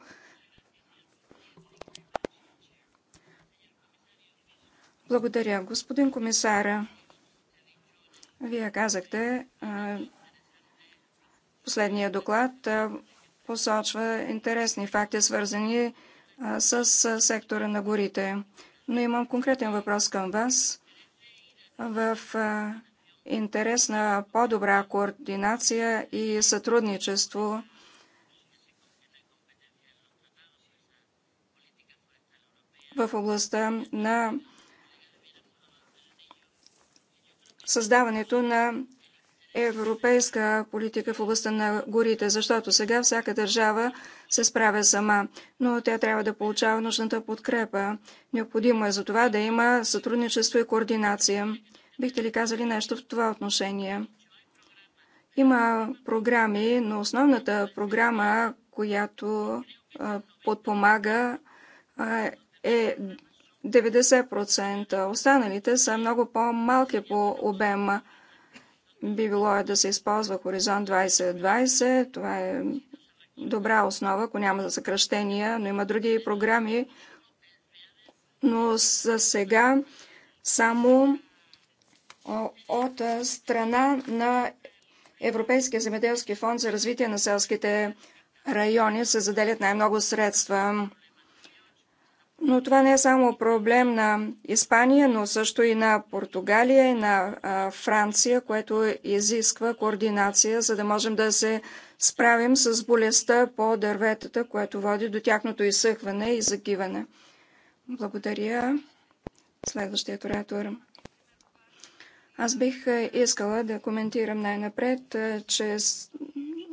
Благодаря, господин комисара. Вие казахте, последния доклад посочва интересни факти, свързани с сектора на горите. Но имам конкретен въпрос към вас. В интерес на по-добра координация и сътрудничество в областта на създаването на европейска политика в областта на горите, защото сега всяка държава се справя сама, но тя трябва да получава нужната подкрепа. Необходимо е за това да има сътрудничество и координация. Бихте ли казали нещо в това отношение? Има програми, но основната програма, която подпомага е 90%. Останалите са много по-малки по обема. Би било е да се използва Хоризонт 2020. Това е добра основа, ако няма за съкръщения, но има други програми. Но за сега само от страна на Европейския земеделски фонд за развитие на селските райони се заделят най-много средства. Но това не е само проблем на Испания, но също и на Португалия и на Франция, което изисква координация, за да можем да се справим с болестта по дърветата, което води до тяхното изсъхване и загиване. Благодаря. Следващият оратор. Аз бих е, искала да коментирам най-напред, е, че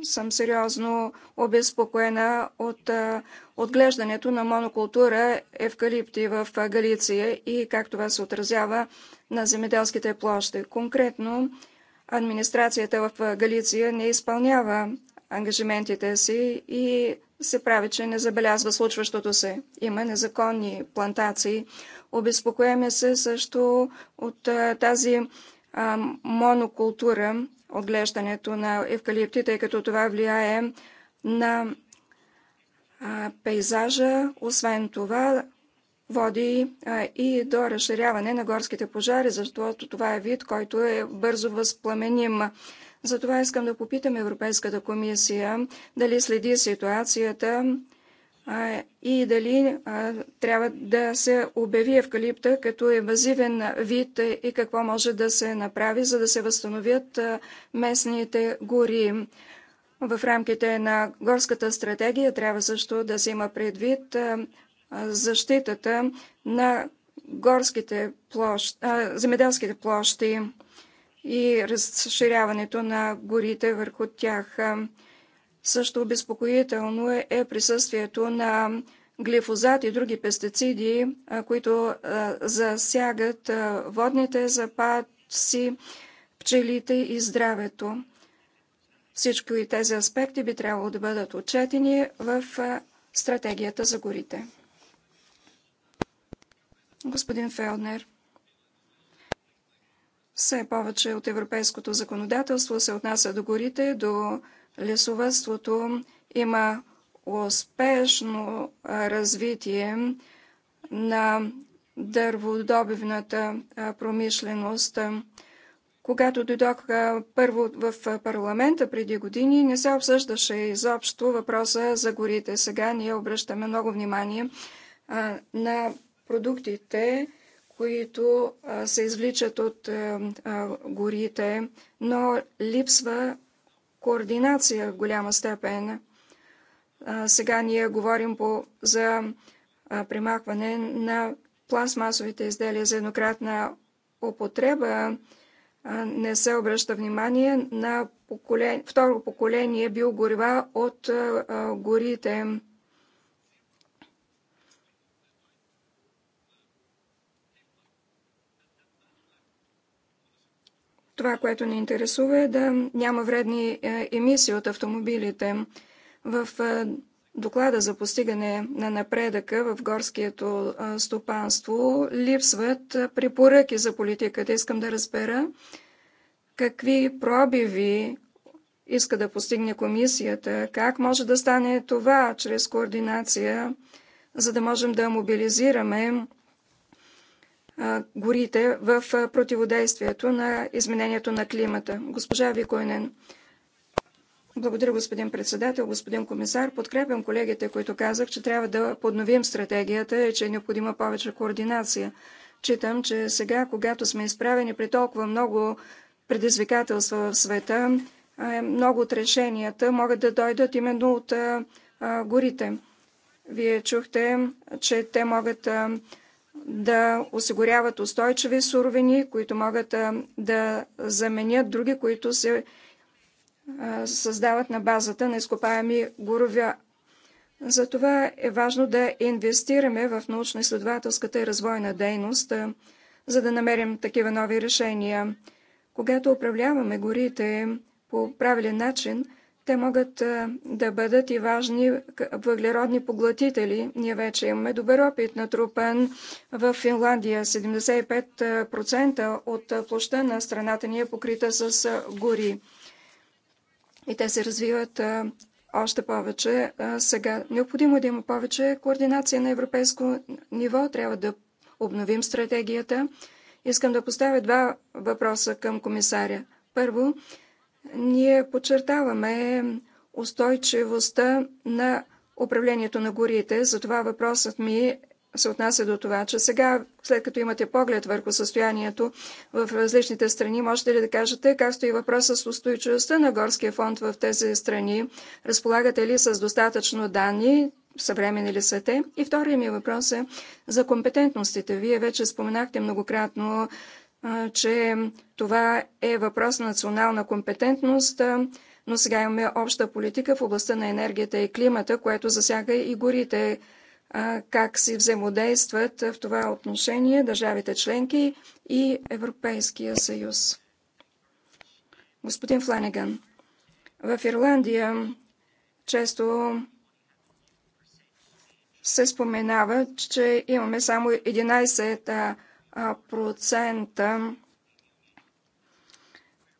съм сериозно обезпокоена от е, отглеждането на монокултура евкалипти в Галиция и как това се отразява на земеделските площи. Конкретно, администрацията в Галиция не изпълнява ангажиментите си и се прави, че не забелязва случващото се. Има незаконни плантации. Обезпокоеме се също от тази монокултура, отглеждането на евкалипти, тъй като това влияе на пейзажа. Освен това, води и до разширяване на горските пожари, защото това е вид, който е бързо възпламеним. Затова искам да попитам Европейската комисия дали следи ситуацията и дали трябва да се обяви евкалипта като евазивен вид и какво може да се направи, за да се възстановят местните гори. В рамките на горската стратегия трябва също да се има предвид защитата на горските площ, а, земеделските площи и разширяването на горите върху тях. Също обезпокоително е, е присъствието на глифозат и други пестициди, които засягат водните запаси, пчелите и здравето. Всички тези аспекти би трябвало да бъдат отчетени в стратегията за горите. Господин Фелнер, все повече от европейското законодателство се отнася до горите, до лесовътството има успешно развитие на дърводобивната промишленост. Когато дойдох първо в парламента преди години, не се обсъждаше изобщо въпроса за горите. Сега ние обръщаме много внимание на продуктите, които се извличат от горите, но липсва координация в голяма степен. Сега ние говорим по, за примахване на пластмасовите изделия за еднократна употреба. Не се обръща внимание на поколение, второ поколение биогорива от горите. Това, което ни интересува е да няма вредни е, емисии от автомобилите. В е, доклада за постигане на напредъка в горското е, стопанство липсват препоръки за политиката. Искам да разбера какви пробиви иска да постигне комисията, как може да стане това чрез координация, за да можем да мобилизираме горите в противодействието на изменението на климата. Госпожа Викойнен. Благодаря, господин председател, господин комисар. Подкрепям колегите, които казах, че трябва да подновим стратегията и че е необходима повече координация. Читам, че сега, когато сме изправени при толкова много предизвикателства в света, е, много от решенията могат да дойдат именно от горите. Вие чухте, че те могат да осигуряват устойчиви суровини, които могат да заменят други, които се създават на базата на изкопаеми горовя. Затова е важно да инвестираме в научно-изследователската и развойна дейност, за да намерим такива нови решения. Когато управляваме горите по правилен начин – те могат да бъдат и важни въглеродни поглътители. Ние вече имаме добър опит натрупан в Финландия. 75% от площа на страната ни е покрита с гори. И те се развиват още повече сега. Необходимо е да има повече координация на европейско ниво. Трябва да обновим стратегията. Искам да поставя два въпроса към комисаря. Първо, ние подчертаваме устойчивостта на управлението на горите. Затова въпросът ми се отнася до това, че сега, след като имате поглед върху състоянието в различните страни, можете ли да кажете как стои въпроса с устойчивостта на горския фонд в тези страни? Разполагате ли с достатъчно данни? Съвремени ли са те? И втория ми въпрос е за компетентностите. Вие вече споменахте многократно че това е въпрос на национална компетентност, но сега имаме обща политика в областта на енергията и климата, което засяга и горите. Как си взаимодействат в това отношение държавите членки и Европейския съюз? Господин Фланеган, в Ирландия често се споменава, че имаме само 11 процента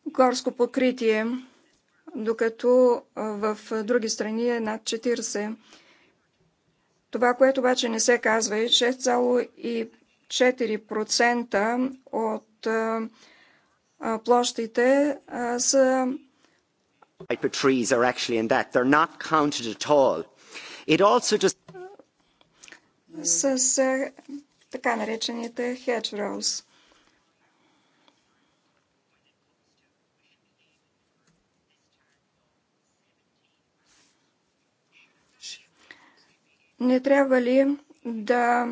горско покритие, докато в други страни е над 40%. Това, което обаче не се казва е 6,4% от площите са с така наречените hedge rows. Не трябва ли да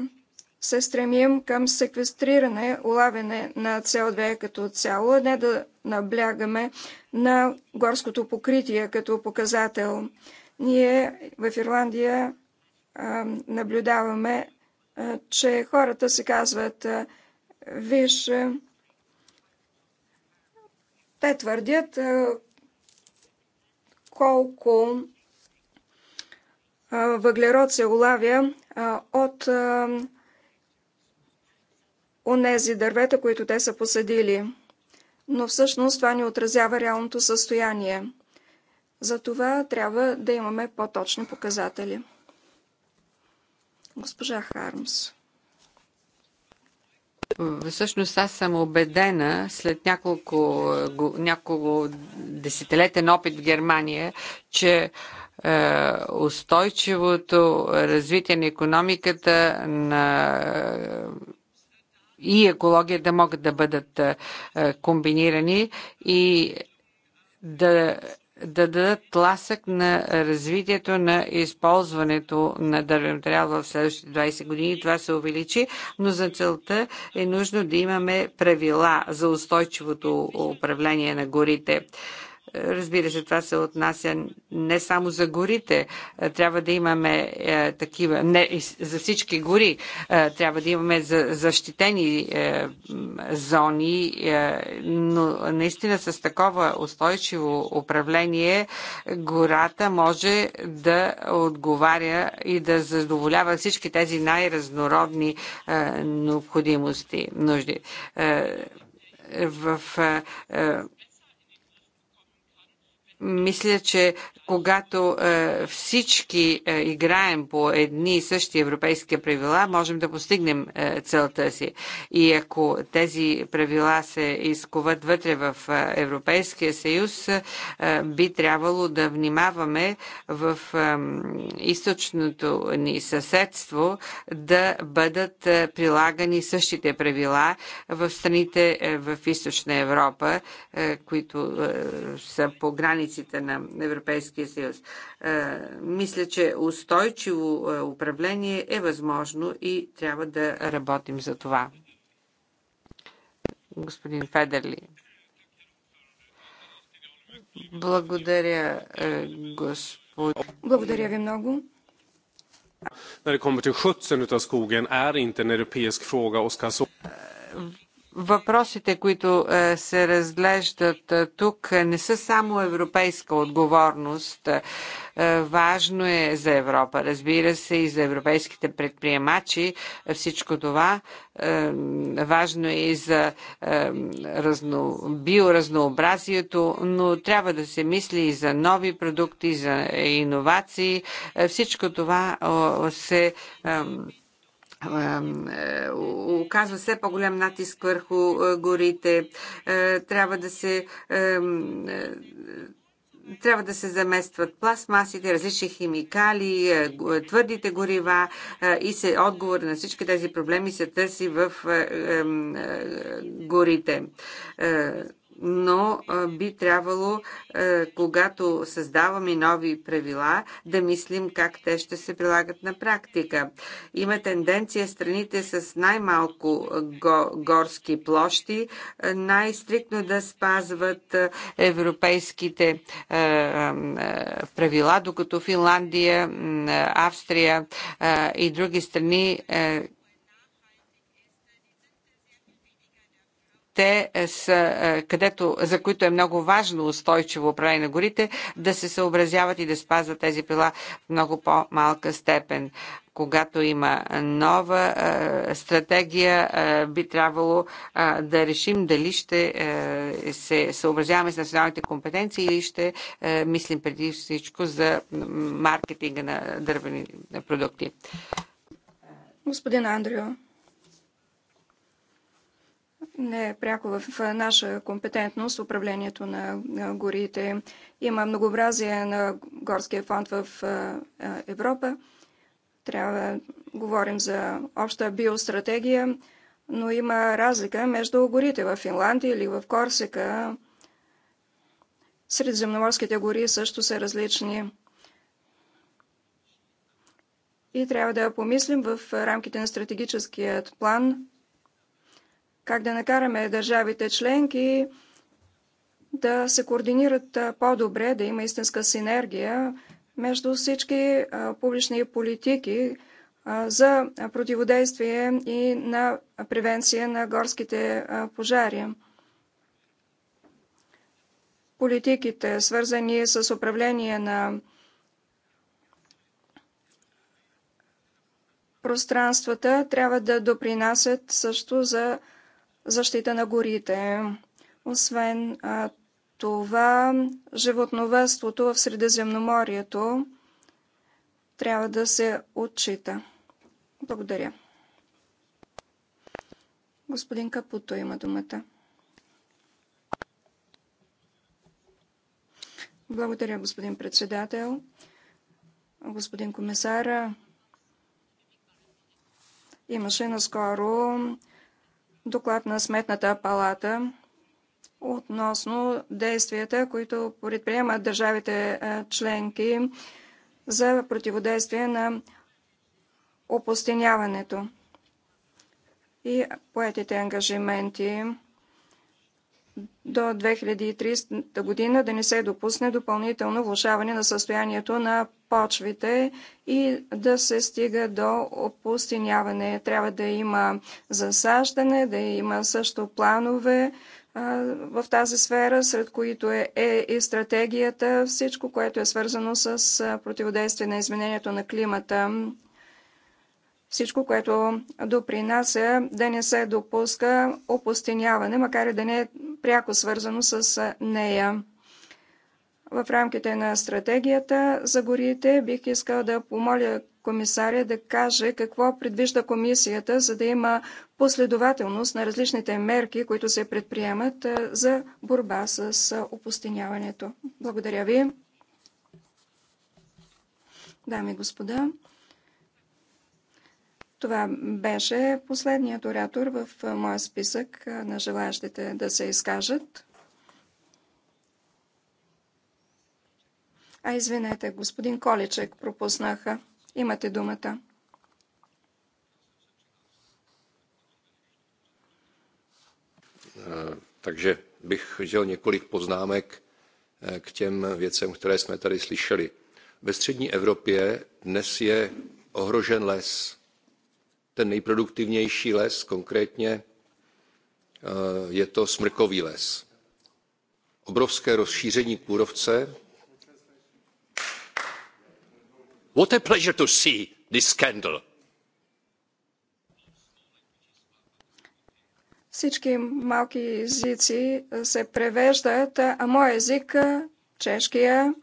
се стремим към секвестриране, улавяне на CO2 като цяло, не да наблягаме на горското покритие като показател. Ние в Ирландия наблюдаваме че хората си казват, виж, те твърдят колко въглерод се улавя от онези дървета, които те са посадили. Но всъщност това не отразява реалното състояние. Затова трябва да имаме по-точни показатели. Госпожа Хармс. Всъщност аз съм убедена след няколко, няколко десетилетен опит в Германия, че е, устойчивото развитие на економиката на е, и екологията могат да бъдат е, комбинирани и да да дадат тласък на развитието на използването на дървен материал в следващите 20 години. Това се увеличи, но за целта е нужно да имаме правила за устойчивото управление на горите. Разбира се, това се отнася не само за горите. Е, трябва да имаме е, такива, не за всички гори, е, трябва да имаме за, защитени зони, но наистина с такова устойчиво управление гората може да отговаря и да задоволява всички тези най-разнородни необходимости, нужди в мисля, че когато е, всички е, играем по едни и същи европейски правила, можем да постигнем е, целта си. И ако тези правила се изкуват вътре в е, Европейския съюз, е, би трябвало да внимаваме в е, източното ни съседство да бъдат е, прилагани същите правила в страните е, в източна Европа, е, които е, са по границите на Европейския Европейския съюз. Е, мисля, че устойчиво е, управление е възможно и трябва да работим за това. Господин Федерли. Благодаря, е, господин. Благодаря ви много. När det kommer till skötseln av skogen är inte en europeisk fråga och Въпросите, които е, се разглеждат е, тук, е, не са само европейска отговорност. Важно е за Европа, разбира се, и за европейските предприемачи всичко това. Важно е и за биоразнообразието, но трябва да се мисли и за нови продукти, за иновации. Всичко това се е, оказва все по-голям натиск върху е, горите. Е, трябва да се трябва да се заместват пластмасите, различни химикали, твърдите горива и се отговор на всички тези проблеми се търси в горите но би трябвало, когато създаваме нови правила, да мислим как те ще се прилагат на практика. Има тенденция страните с най-малко горски площи най-стрикно да спазват европейските правила, докато Финландия, Австрия и други страни те е, са, е, където, за които е много важно устойчиво управление на горите, да се съобразяват и да спазват тези пила в много по-малка степен когато има нова е, стратегия, би трябвало да решим дали ще се съобразяваме с националните компетенции или ще мислим преди всичко за маркетинга на дървени продукти. Господин Андрио, не е пряко в наша компетентност управлението на горите. Има многообразие на горския фонд в Европа. Трябва да говорим за обща биостратегия, но има разлика между горите в Финландия или в Корсика. Средиземноморските гори също са различни. И трябва да помислим в рамките на стратегическият план как да накараме държавите членки да се координират по-добре, да има истинска синергия между всички публични политики за противодействие и на превенция на горските пожари. Политиките, свързани с управление на пространствата трябва да допринасят също за защита на горите. Освен а, това, животновътството в Средиземноморието трябва да се отчита. Благодаря. Господин Капуто има думата. Благодаря, господин председател. Господин комисар, имаше наскоро доклад на Сметната палата относно действията, които предприемат държавите е, членки за противодействие на опустеняването и поетите ангажименти до 2030 година да не се допусне допълнително влушаване на състоянието на почвите и да се стига до опустиняване. Трябва да има засаждане, да има също планове а, в тази сфера, сред които е, е и стратегията, всичко, което е свързано с противодействие на изменението на климата всичко, което допринася да не се допуска опустеняване, макар и да не е пряко свързано с нея. В рамките на стратегията за горите бих искал да помоля комисаря да каже какво предвижда комисията, за да има последователност на различните мерки, които се предприемат за борба с опустеняването. Благодаря ви. Дами и господа, това беше последният оратор в моя списък на желаящите да се изкажат. А извинете, господин Количек пропуснаха. Имате думата. Takže bych chtěl několik poznámek k těm věcem, které jsme tady slyšeli. Ve střední Evropě dnes je ohrožen les ten nejproduktivnější les, konkrétně je to smrkový les. Obrovské rozšíření kůrovce. What a pleasure to see this scandal. Всички малки езици се превеждат, а мой език, чешкия,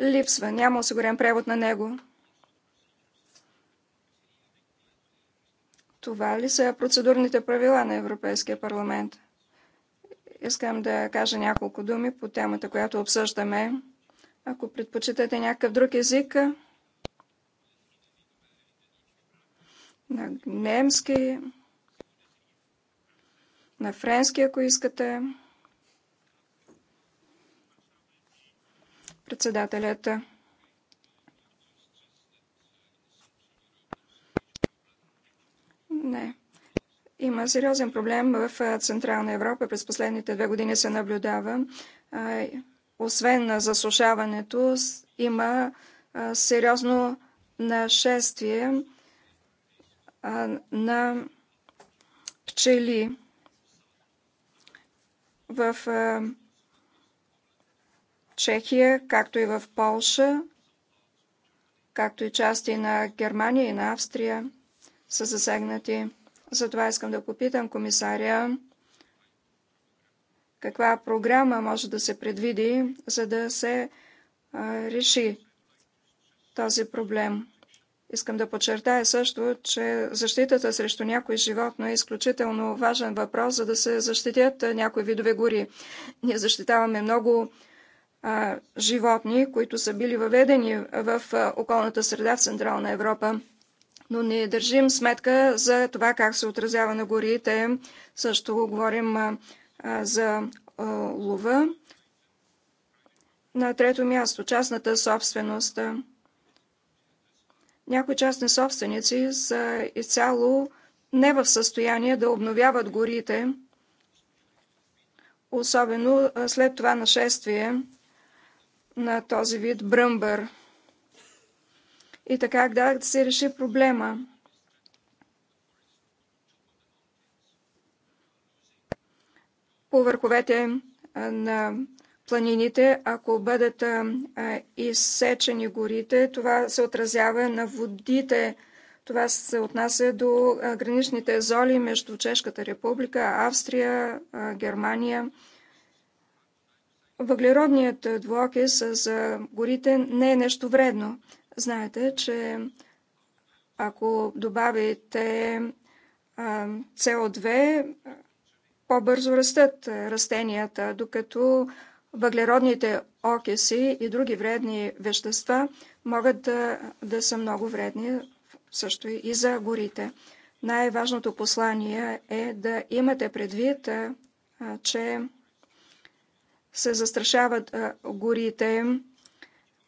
липсва. Няма осигурен превод на него. Това ли са процедурните правила на Европейския парламент? Искам да кажа няколко думи по темата, която обсъждаме. Ако предпочитате някакъв друг език, на немски, на френски, ако искате. Председателята Не. Има сериозен проблем в Централна Европа. През последните две години се наблюдава. Освен на засушаването, има сериозно нашествие на пчели в Чехия, както и в Полша, както и части на Германия и на Австрия са засегнати. Затова искам да попитам комисаря каква програма може да се предвиди, за да се а, реши този проблем. Искам да подчертая също, че защитата срещу някои животно е изключително важен въпрос, за да се защитят някои видове гори. Ние защитаваме много а, животни, които са били въведени в а, околната среда в Централна Европа но не държим сметка за това как се отразява на горите. Също говорим за лова. На трето място, частната собственост. Някои частни собственици са изцяло не в състояние да обновяват горите, особено след това нашествие на този вид бръмбър и така да се реши проблема. По върховете на планините, ако бъдат изсечени горите, това се отразява на водите. Това се отнася до граничните золи между Чешката република, Австрия, Германия. Въглеродният двуокис за горите не е нещо вредно. Знаете, че ако добавите CO2, по-бързо растат растенията, докато въглеродните окиси и други вредни вещества могат да, да са много вредни също и за горите. Най-важното послание е да имате предвид, че се застрашават горите,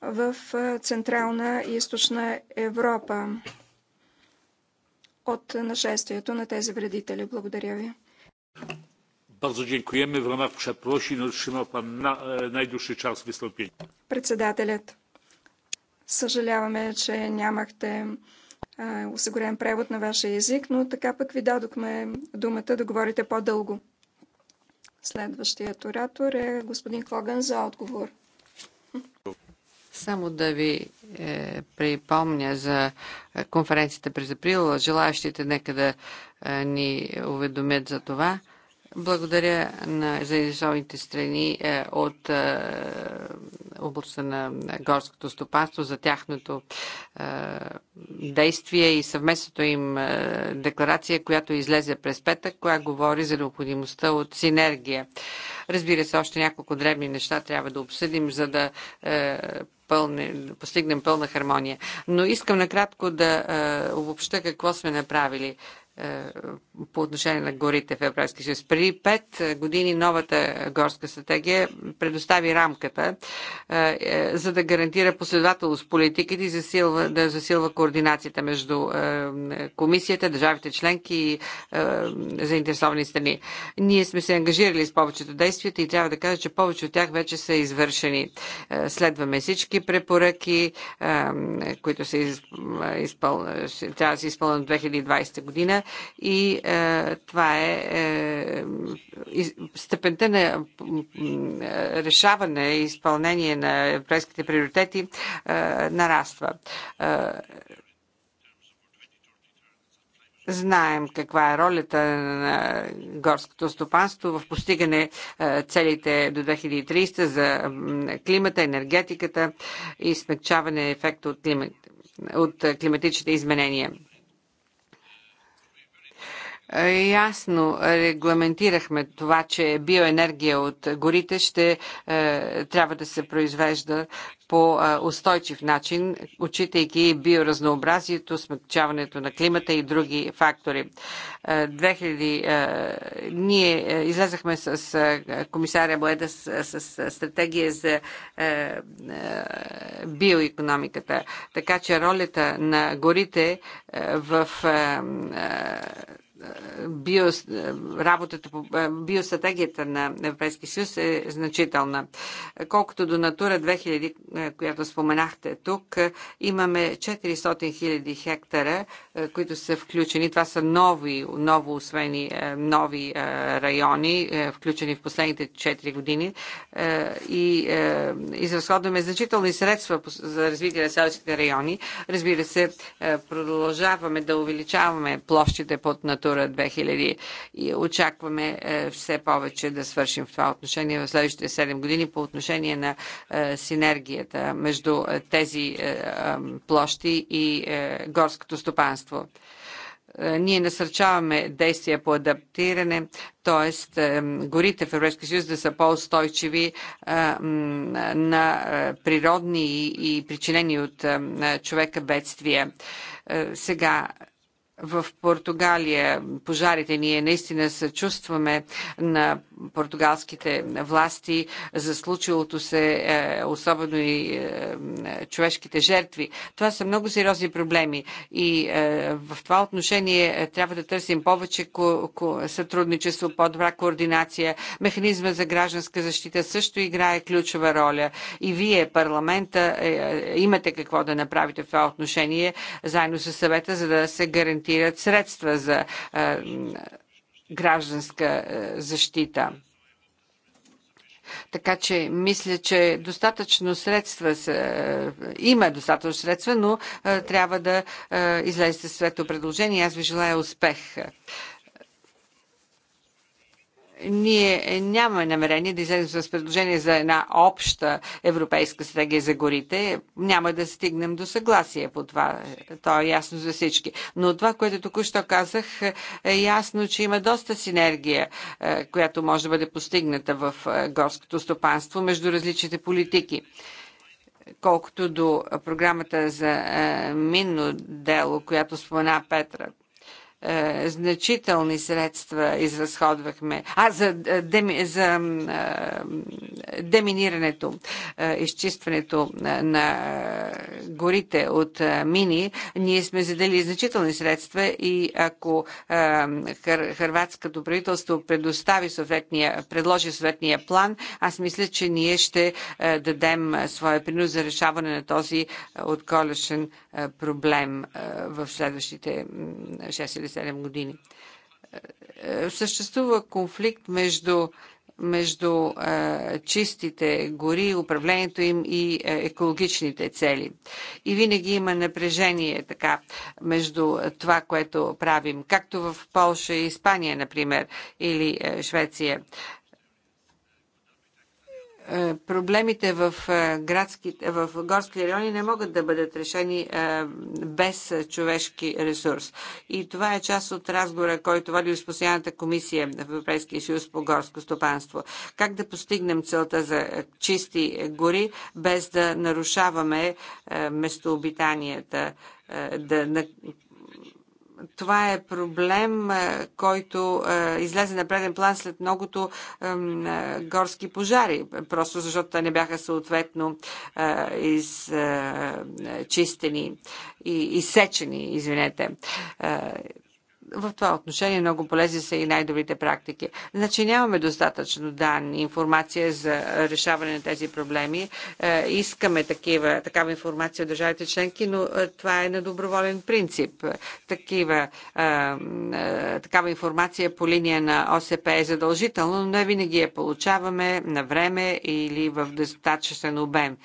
в Централна и Източна Европа от нашествието на тези вредители. Благодаря ви. Bardzo dziękujemy. W ramach przeprosin otrzymał Pan na, e, najdłuższy czas wystąpienia. Председателят. Съжаляваме, че нямахте а, осигурен превод на вашия език, но така пък ви дадохме думата да говорите по-дълго. Следващият оратор е господин Коган за отговор. Само да ви е, припомня за е, конференцията през април. Желаящите нека да е, ни уведомят за това. Благодаря на заинтересованите страни е, от е, областта на горското стопанство за тяхното е, действие и съвместното им е, декларация, която излезе през петък, която говори за необходимостта от синергия. Разбира се, още няколко дребни неща трябва да обсъдим, за да е, пълне, постигнем пълна хармония. Но искам накратко да обобща какво сме направили. Е, по отношение на горите в Европейския съюз. Преди пет години новата горска стратегия предостави рамката, е, е, за да гарантира последователност политиките и засилва, да засилва координацията между комисията, държавите членки и заинтересовани страни. Ние сме се ангажирали с повечето действията и трябва да кажа, че повече от тях вече са извършени. Следваме всички препоръки, които се изпъл... трябва да се изпълнят 2020 година и е, това е, е степента на решаване и изпълнение на европейските приоритети е, нараства. Е, знаем каква е ролята на горското стопанство в постигане е, целите до 2030 за климата, енергетиката и смягчаване ефекта от, климат, от климатичните изменения. Е, ясно регламентирахме това, че биоенергия от горите ще е, трябва да се произвежда по е, устойчив начин, отчитайки биоразнообразието, смъкчаването на климата и други фактори. 2000, ние излезахме с комисаря Боеда с, с стратегия за биоекономиката, така че ролята на горите в био, работата по е, биостратегията на Европейския съюз е значителна. Колкото до Натура 2000, е, която споменахте тук, имаме 400 хиляди хектара, е, които са включени. Това са нови, ново освени нови райони, включени в последните 4 години. И изразходваме значителни средства за развитие на селските райони. Разбира се, продължаваме да увеличаваме площите под Натура Натура 2000 и очакваме е, все повече да свършим в това отношение в следващите 7 години по отношение на е, синергията между е, тези площи и горското стопанство ние насърчаваме действия по адаптиране, т.е. горите в Европейския съюз да са по-устойчиви на природни и причинени от човека бедствия. Сега в Португалия пожарите ние наистина се чувстваме на португалските власти за случилото се, е, особено и е, човешките жертви. Това са много сериозни проблеми и е, в това отношение трябва да търсим повече сътрудничество, по-добра координация. Механизма за гражданска защита също играе ключова роля и вие, парламента, имате какво да направите в това отношение, заедно с съвета, за да се гарантира гарантират средства за гражданска защита. Така че мисля, че достатъчно средства са, има достатъчно средства, но трябва да излезе с своето предложение. Аз ви желая успех ние нямаме намерение да излезем с предложение за една обща европейска стратегия за горите. Няма да стигнем до съгласие по това. То е ясно за всички. Но това, което току-що казах, е ясно, че има доста синергия, е, която може да бъде постигната в е, горското стопанство между различните политики. Колкото до програмата за е, минно дело, която спомена Петра, е, значителни средства изразходвахме. А, за, е, деми, за е, деминирането, изчистването на, горите от мини, ние сме задели значителни средства и ако хър, хърватското правителство предостави съответния, предложи съответния план, аз мисля, че ние ще дадем своя принос за решаване на този отколешен проблем в следващите 6 или 7 7 години. Е, е, съществува конфликт между между е, чистите гори, управлението им и екологичните цели. И винаги има напрежение така между това, което правим, както в Полша и Испания, например, или Швеция. Е, проблемите в, е, градски, в горски райони не могат да бъдат решени е, без човешки ресурс. И това е част от разговора, който води постоянната комисия в Европейския съюз по горско стопанство. Как да постигнем целта за чисти гори, без да нарушаваме местообитанията, да това е проблем, е, който е, излезе на преден план след многото е, горски пожари, просто защото те не бяха съответно изчистени и изсечени, извинете в това отношение много полезни са и най-добрите практики. Значи нямаме достатъчно данни, информация за решаване на тези проблеми. Е, искаме такива, такава информация от държавите членки, но е, това е на доброволен принцип. Такива, е, такава информация по линия на ОСП е задължително, но не винаги я получаваме на време или в достатъчен обем.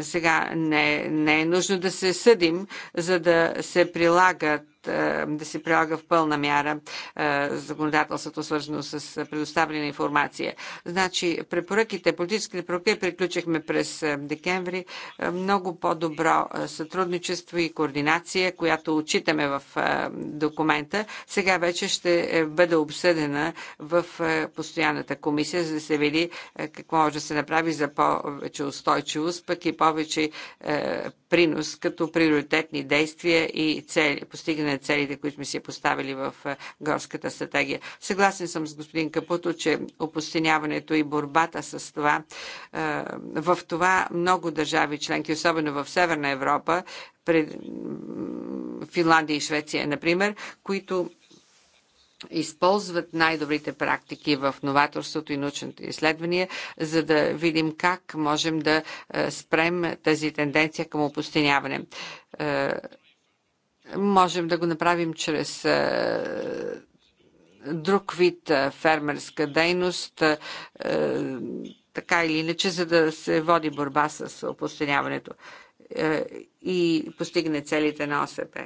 Сега не, не е нужно да се съдим, за да се прилагат е, да се прилага в пълна мяра е, законодателството, свързано с предоставяне на информация. Значи, препоръките, политическите препоръки приключихме през е, декември. Много по-добро сътрудничество и координация, която отчитаме в документа, сега вече ще бъде обсъдена в постоянната комисия, за да се види какво може да се направи за повече устойчивост, пък и повече принос като приоритетни действия и цели, постигане на целите, които сме си е поставили в е, горската стратегия. Съгласен съм с господин Капуто, че опустеняването и борбата с това, е, в това много държави членки, особено в Северна Европа, пред Финландия и Швеция, например, които използват най-добрите практики в новаторството и научното изследвания, за да видим как можем да спрем тази тенденция към опустеняване. Можем да го направим чрез е, друг вид е, фермерска дейност, е, така или иначе, за да се води борба с опустеняването и постигне целите на ОСП.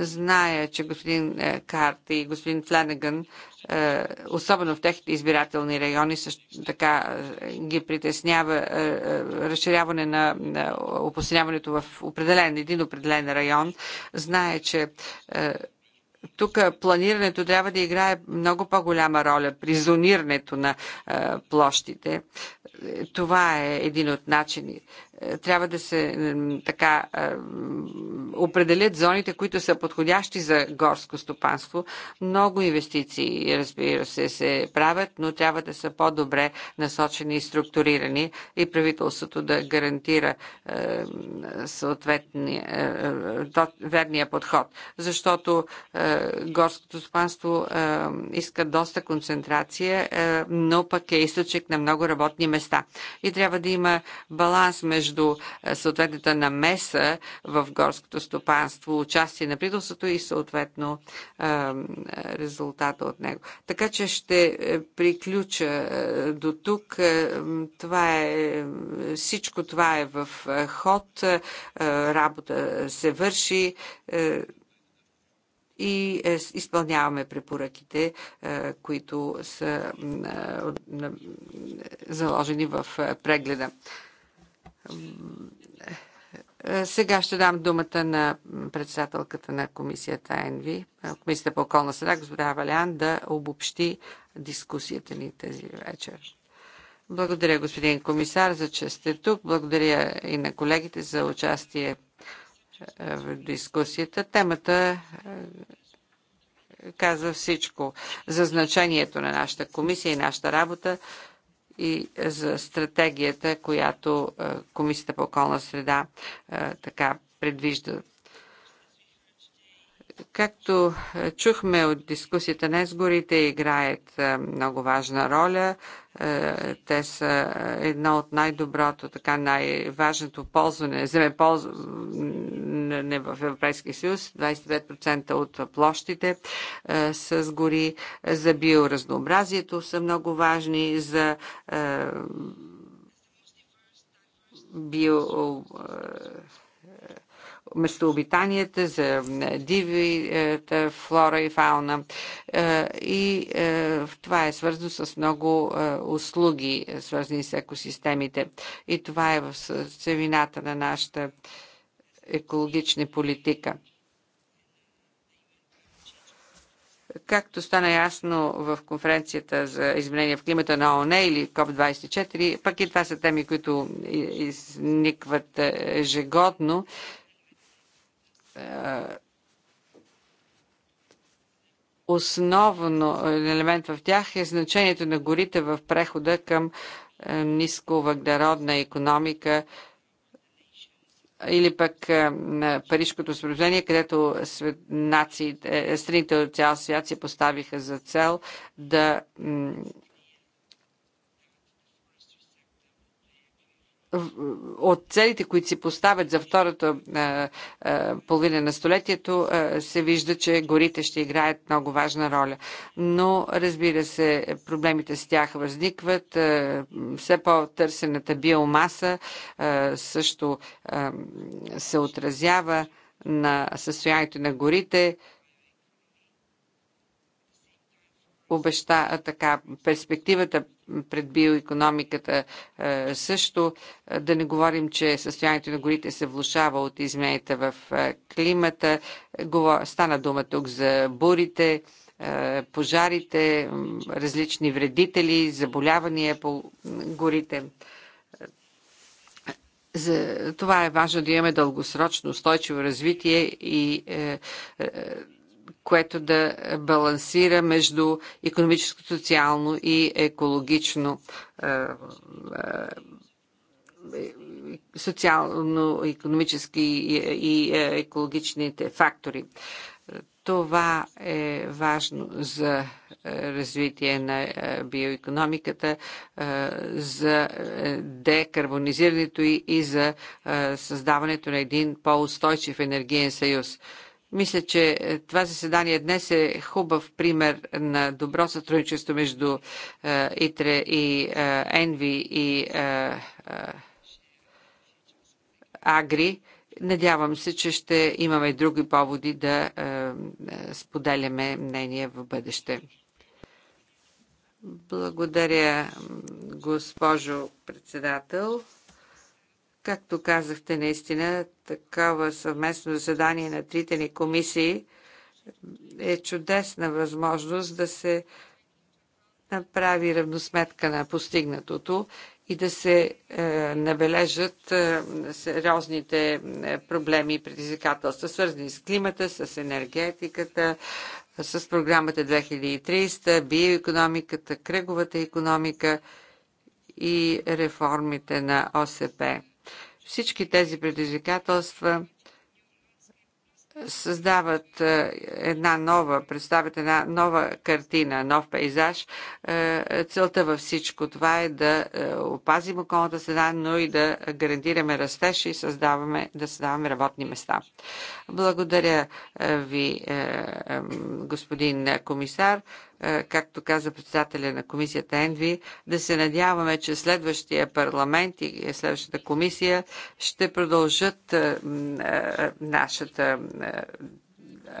Зная, че господин е, Карт и господин Фленеган, е, особено в техните избирателни райони, също така е, ги притеснява разширяване на опосняването в определен, един определен район. Знае, че тук планирането трябва да играе много по-голяма роля при зонирането на площите. Това е един от начините. Е, трябва да се е, така е, определят зоните, които са подходящи за горско стопанство. Много инвестиции, разбира се, се правят, но трябва да са по-добре насочени и структурирани и правителството да гарантира съответния верния подход. Защото горското стопанство иска доста концентрация, но пък е източник на много работни места. И трябва да има баланс между между съответната намеса в горското стопанство, участие на правителството и съответно резултата от него. Така че ще е, приключа е, до тук. Е, това е, всичко това е в ход. Работа се върши и изпълняваме препоръките, които са заложени в прегледа. Е, сега ще дам думата на председателката на комисията ЕНВИ, е, комисията по околна среда, господа Валян, да обобщи дискусията ни тази вечер. Благодаря, господин комисар, за че сте тук. Благодаря и на колегите за участие е, в дискусията. Темата казва всичко за значението на нашата комисия и нашата работа и за стратегията, която е, Комисията по околна среда е, така предвижда. Както е, чухме от дискусията днес, горите играят много важна роля. Те са едно от най-доброто, така най-важното ползване, земеполз планиране в Европейския съюз, 25% от площите е, с гори, за биоразнообразието са много важни, за е, био е, местообитанията, за дивията, флора и фауна. И това е свързано с много услуги, свързани с екосистемите. И това е в сърцевината на нашата екологични политика. Както стана ясно в конференцията за изменения в климата на ООН или КОП-24, пък и това са теми, които изникват е, ежегодно. Е, основно е, елемент в тях е значението на горите в прехода към нисковъгдародна економика, или пък е, на Парижкото споразумение, където нациите, е, страните от цял свят си поставиха за цел да от целите, които си поставят за втората половина на столетието, се вижда, че горите ще играят много важна роля. Но, разбира се, проблемите с тях възникват. Все по-търсената биомаса също се отразява на състоянието на горите обеща така перспективата пред биоекономиката също. Да не говорим, че състоянието на горите се влушава от измените в климата. Стана дума тук за бурите, пожарите, различни вредители, заболявания по горите. За това е важно да имаме дългосрочно устойчиво развитие и е, е което да балансира между економическо, социално и екологично е, е, социално-економически и е, екологичните фактори. Това е важно за развитие на биоекономиката, за декарбонизирането и за създаването на един по-устойчив енергиен съюз. Мисля, че е, това заседание днес е хубав пример на добро сътрудничество между е, ИТРЕ и е, ЕНВИ и Агри. Надявам се, че ще имаме и други поводи да споделяме мнение в бъдеще. Благодаря, госпожо председател. Както казахте, наистина, такова съвместно заседание на трите ни комисии е чудесна възможност да се направи равносметка на постигнатото и да се е, набележат е, сериозните е, проблеми и предизвикателства, свързани с климата, с енергетиката, с програмата 2300, биоекономиката, кръговата економика и реформите на ОСП. Всички тези предизвикателства създават е, една нова, представят една нова картина, нов пейзаж. Е, е, целта във всичко това е да опазим околната среда, но и да гарантираме растеж и създаваме, да създаваме работни места. Благодаря ви, господин комисар. Е, както каза председателя на комисията Енви, да се надяваме, че следващия парламент и следващата комисия ще продължат е, е, нашата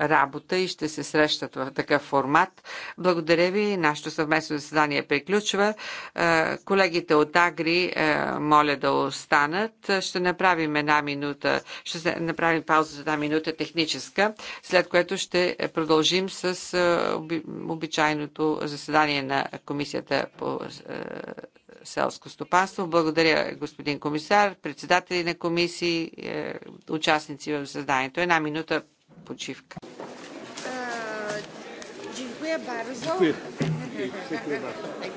работа и ще се срещат в такъв формат. Благодаря ви. Нашето съвместно заседание приключва. Е, колегите от Агри е, моля да останат. Ще направим една минута, ще направим пауза за една минута техническа, след което ще продължим с е, обичайното заседание на Комисията по селско стопанство. Благодаря, господин комисар, председатели на комисии, участници в заседанието. Една минута почивка. Dziękuję bardzo. Dziękuję. Dziękuję bardzo.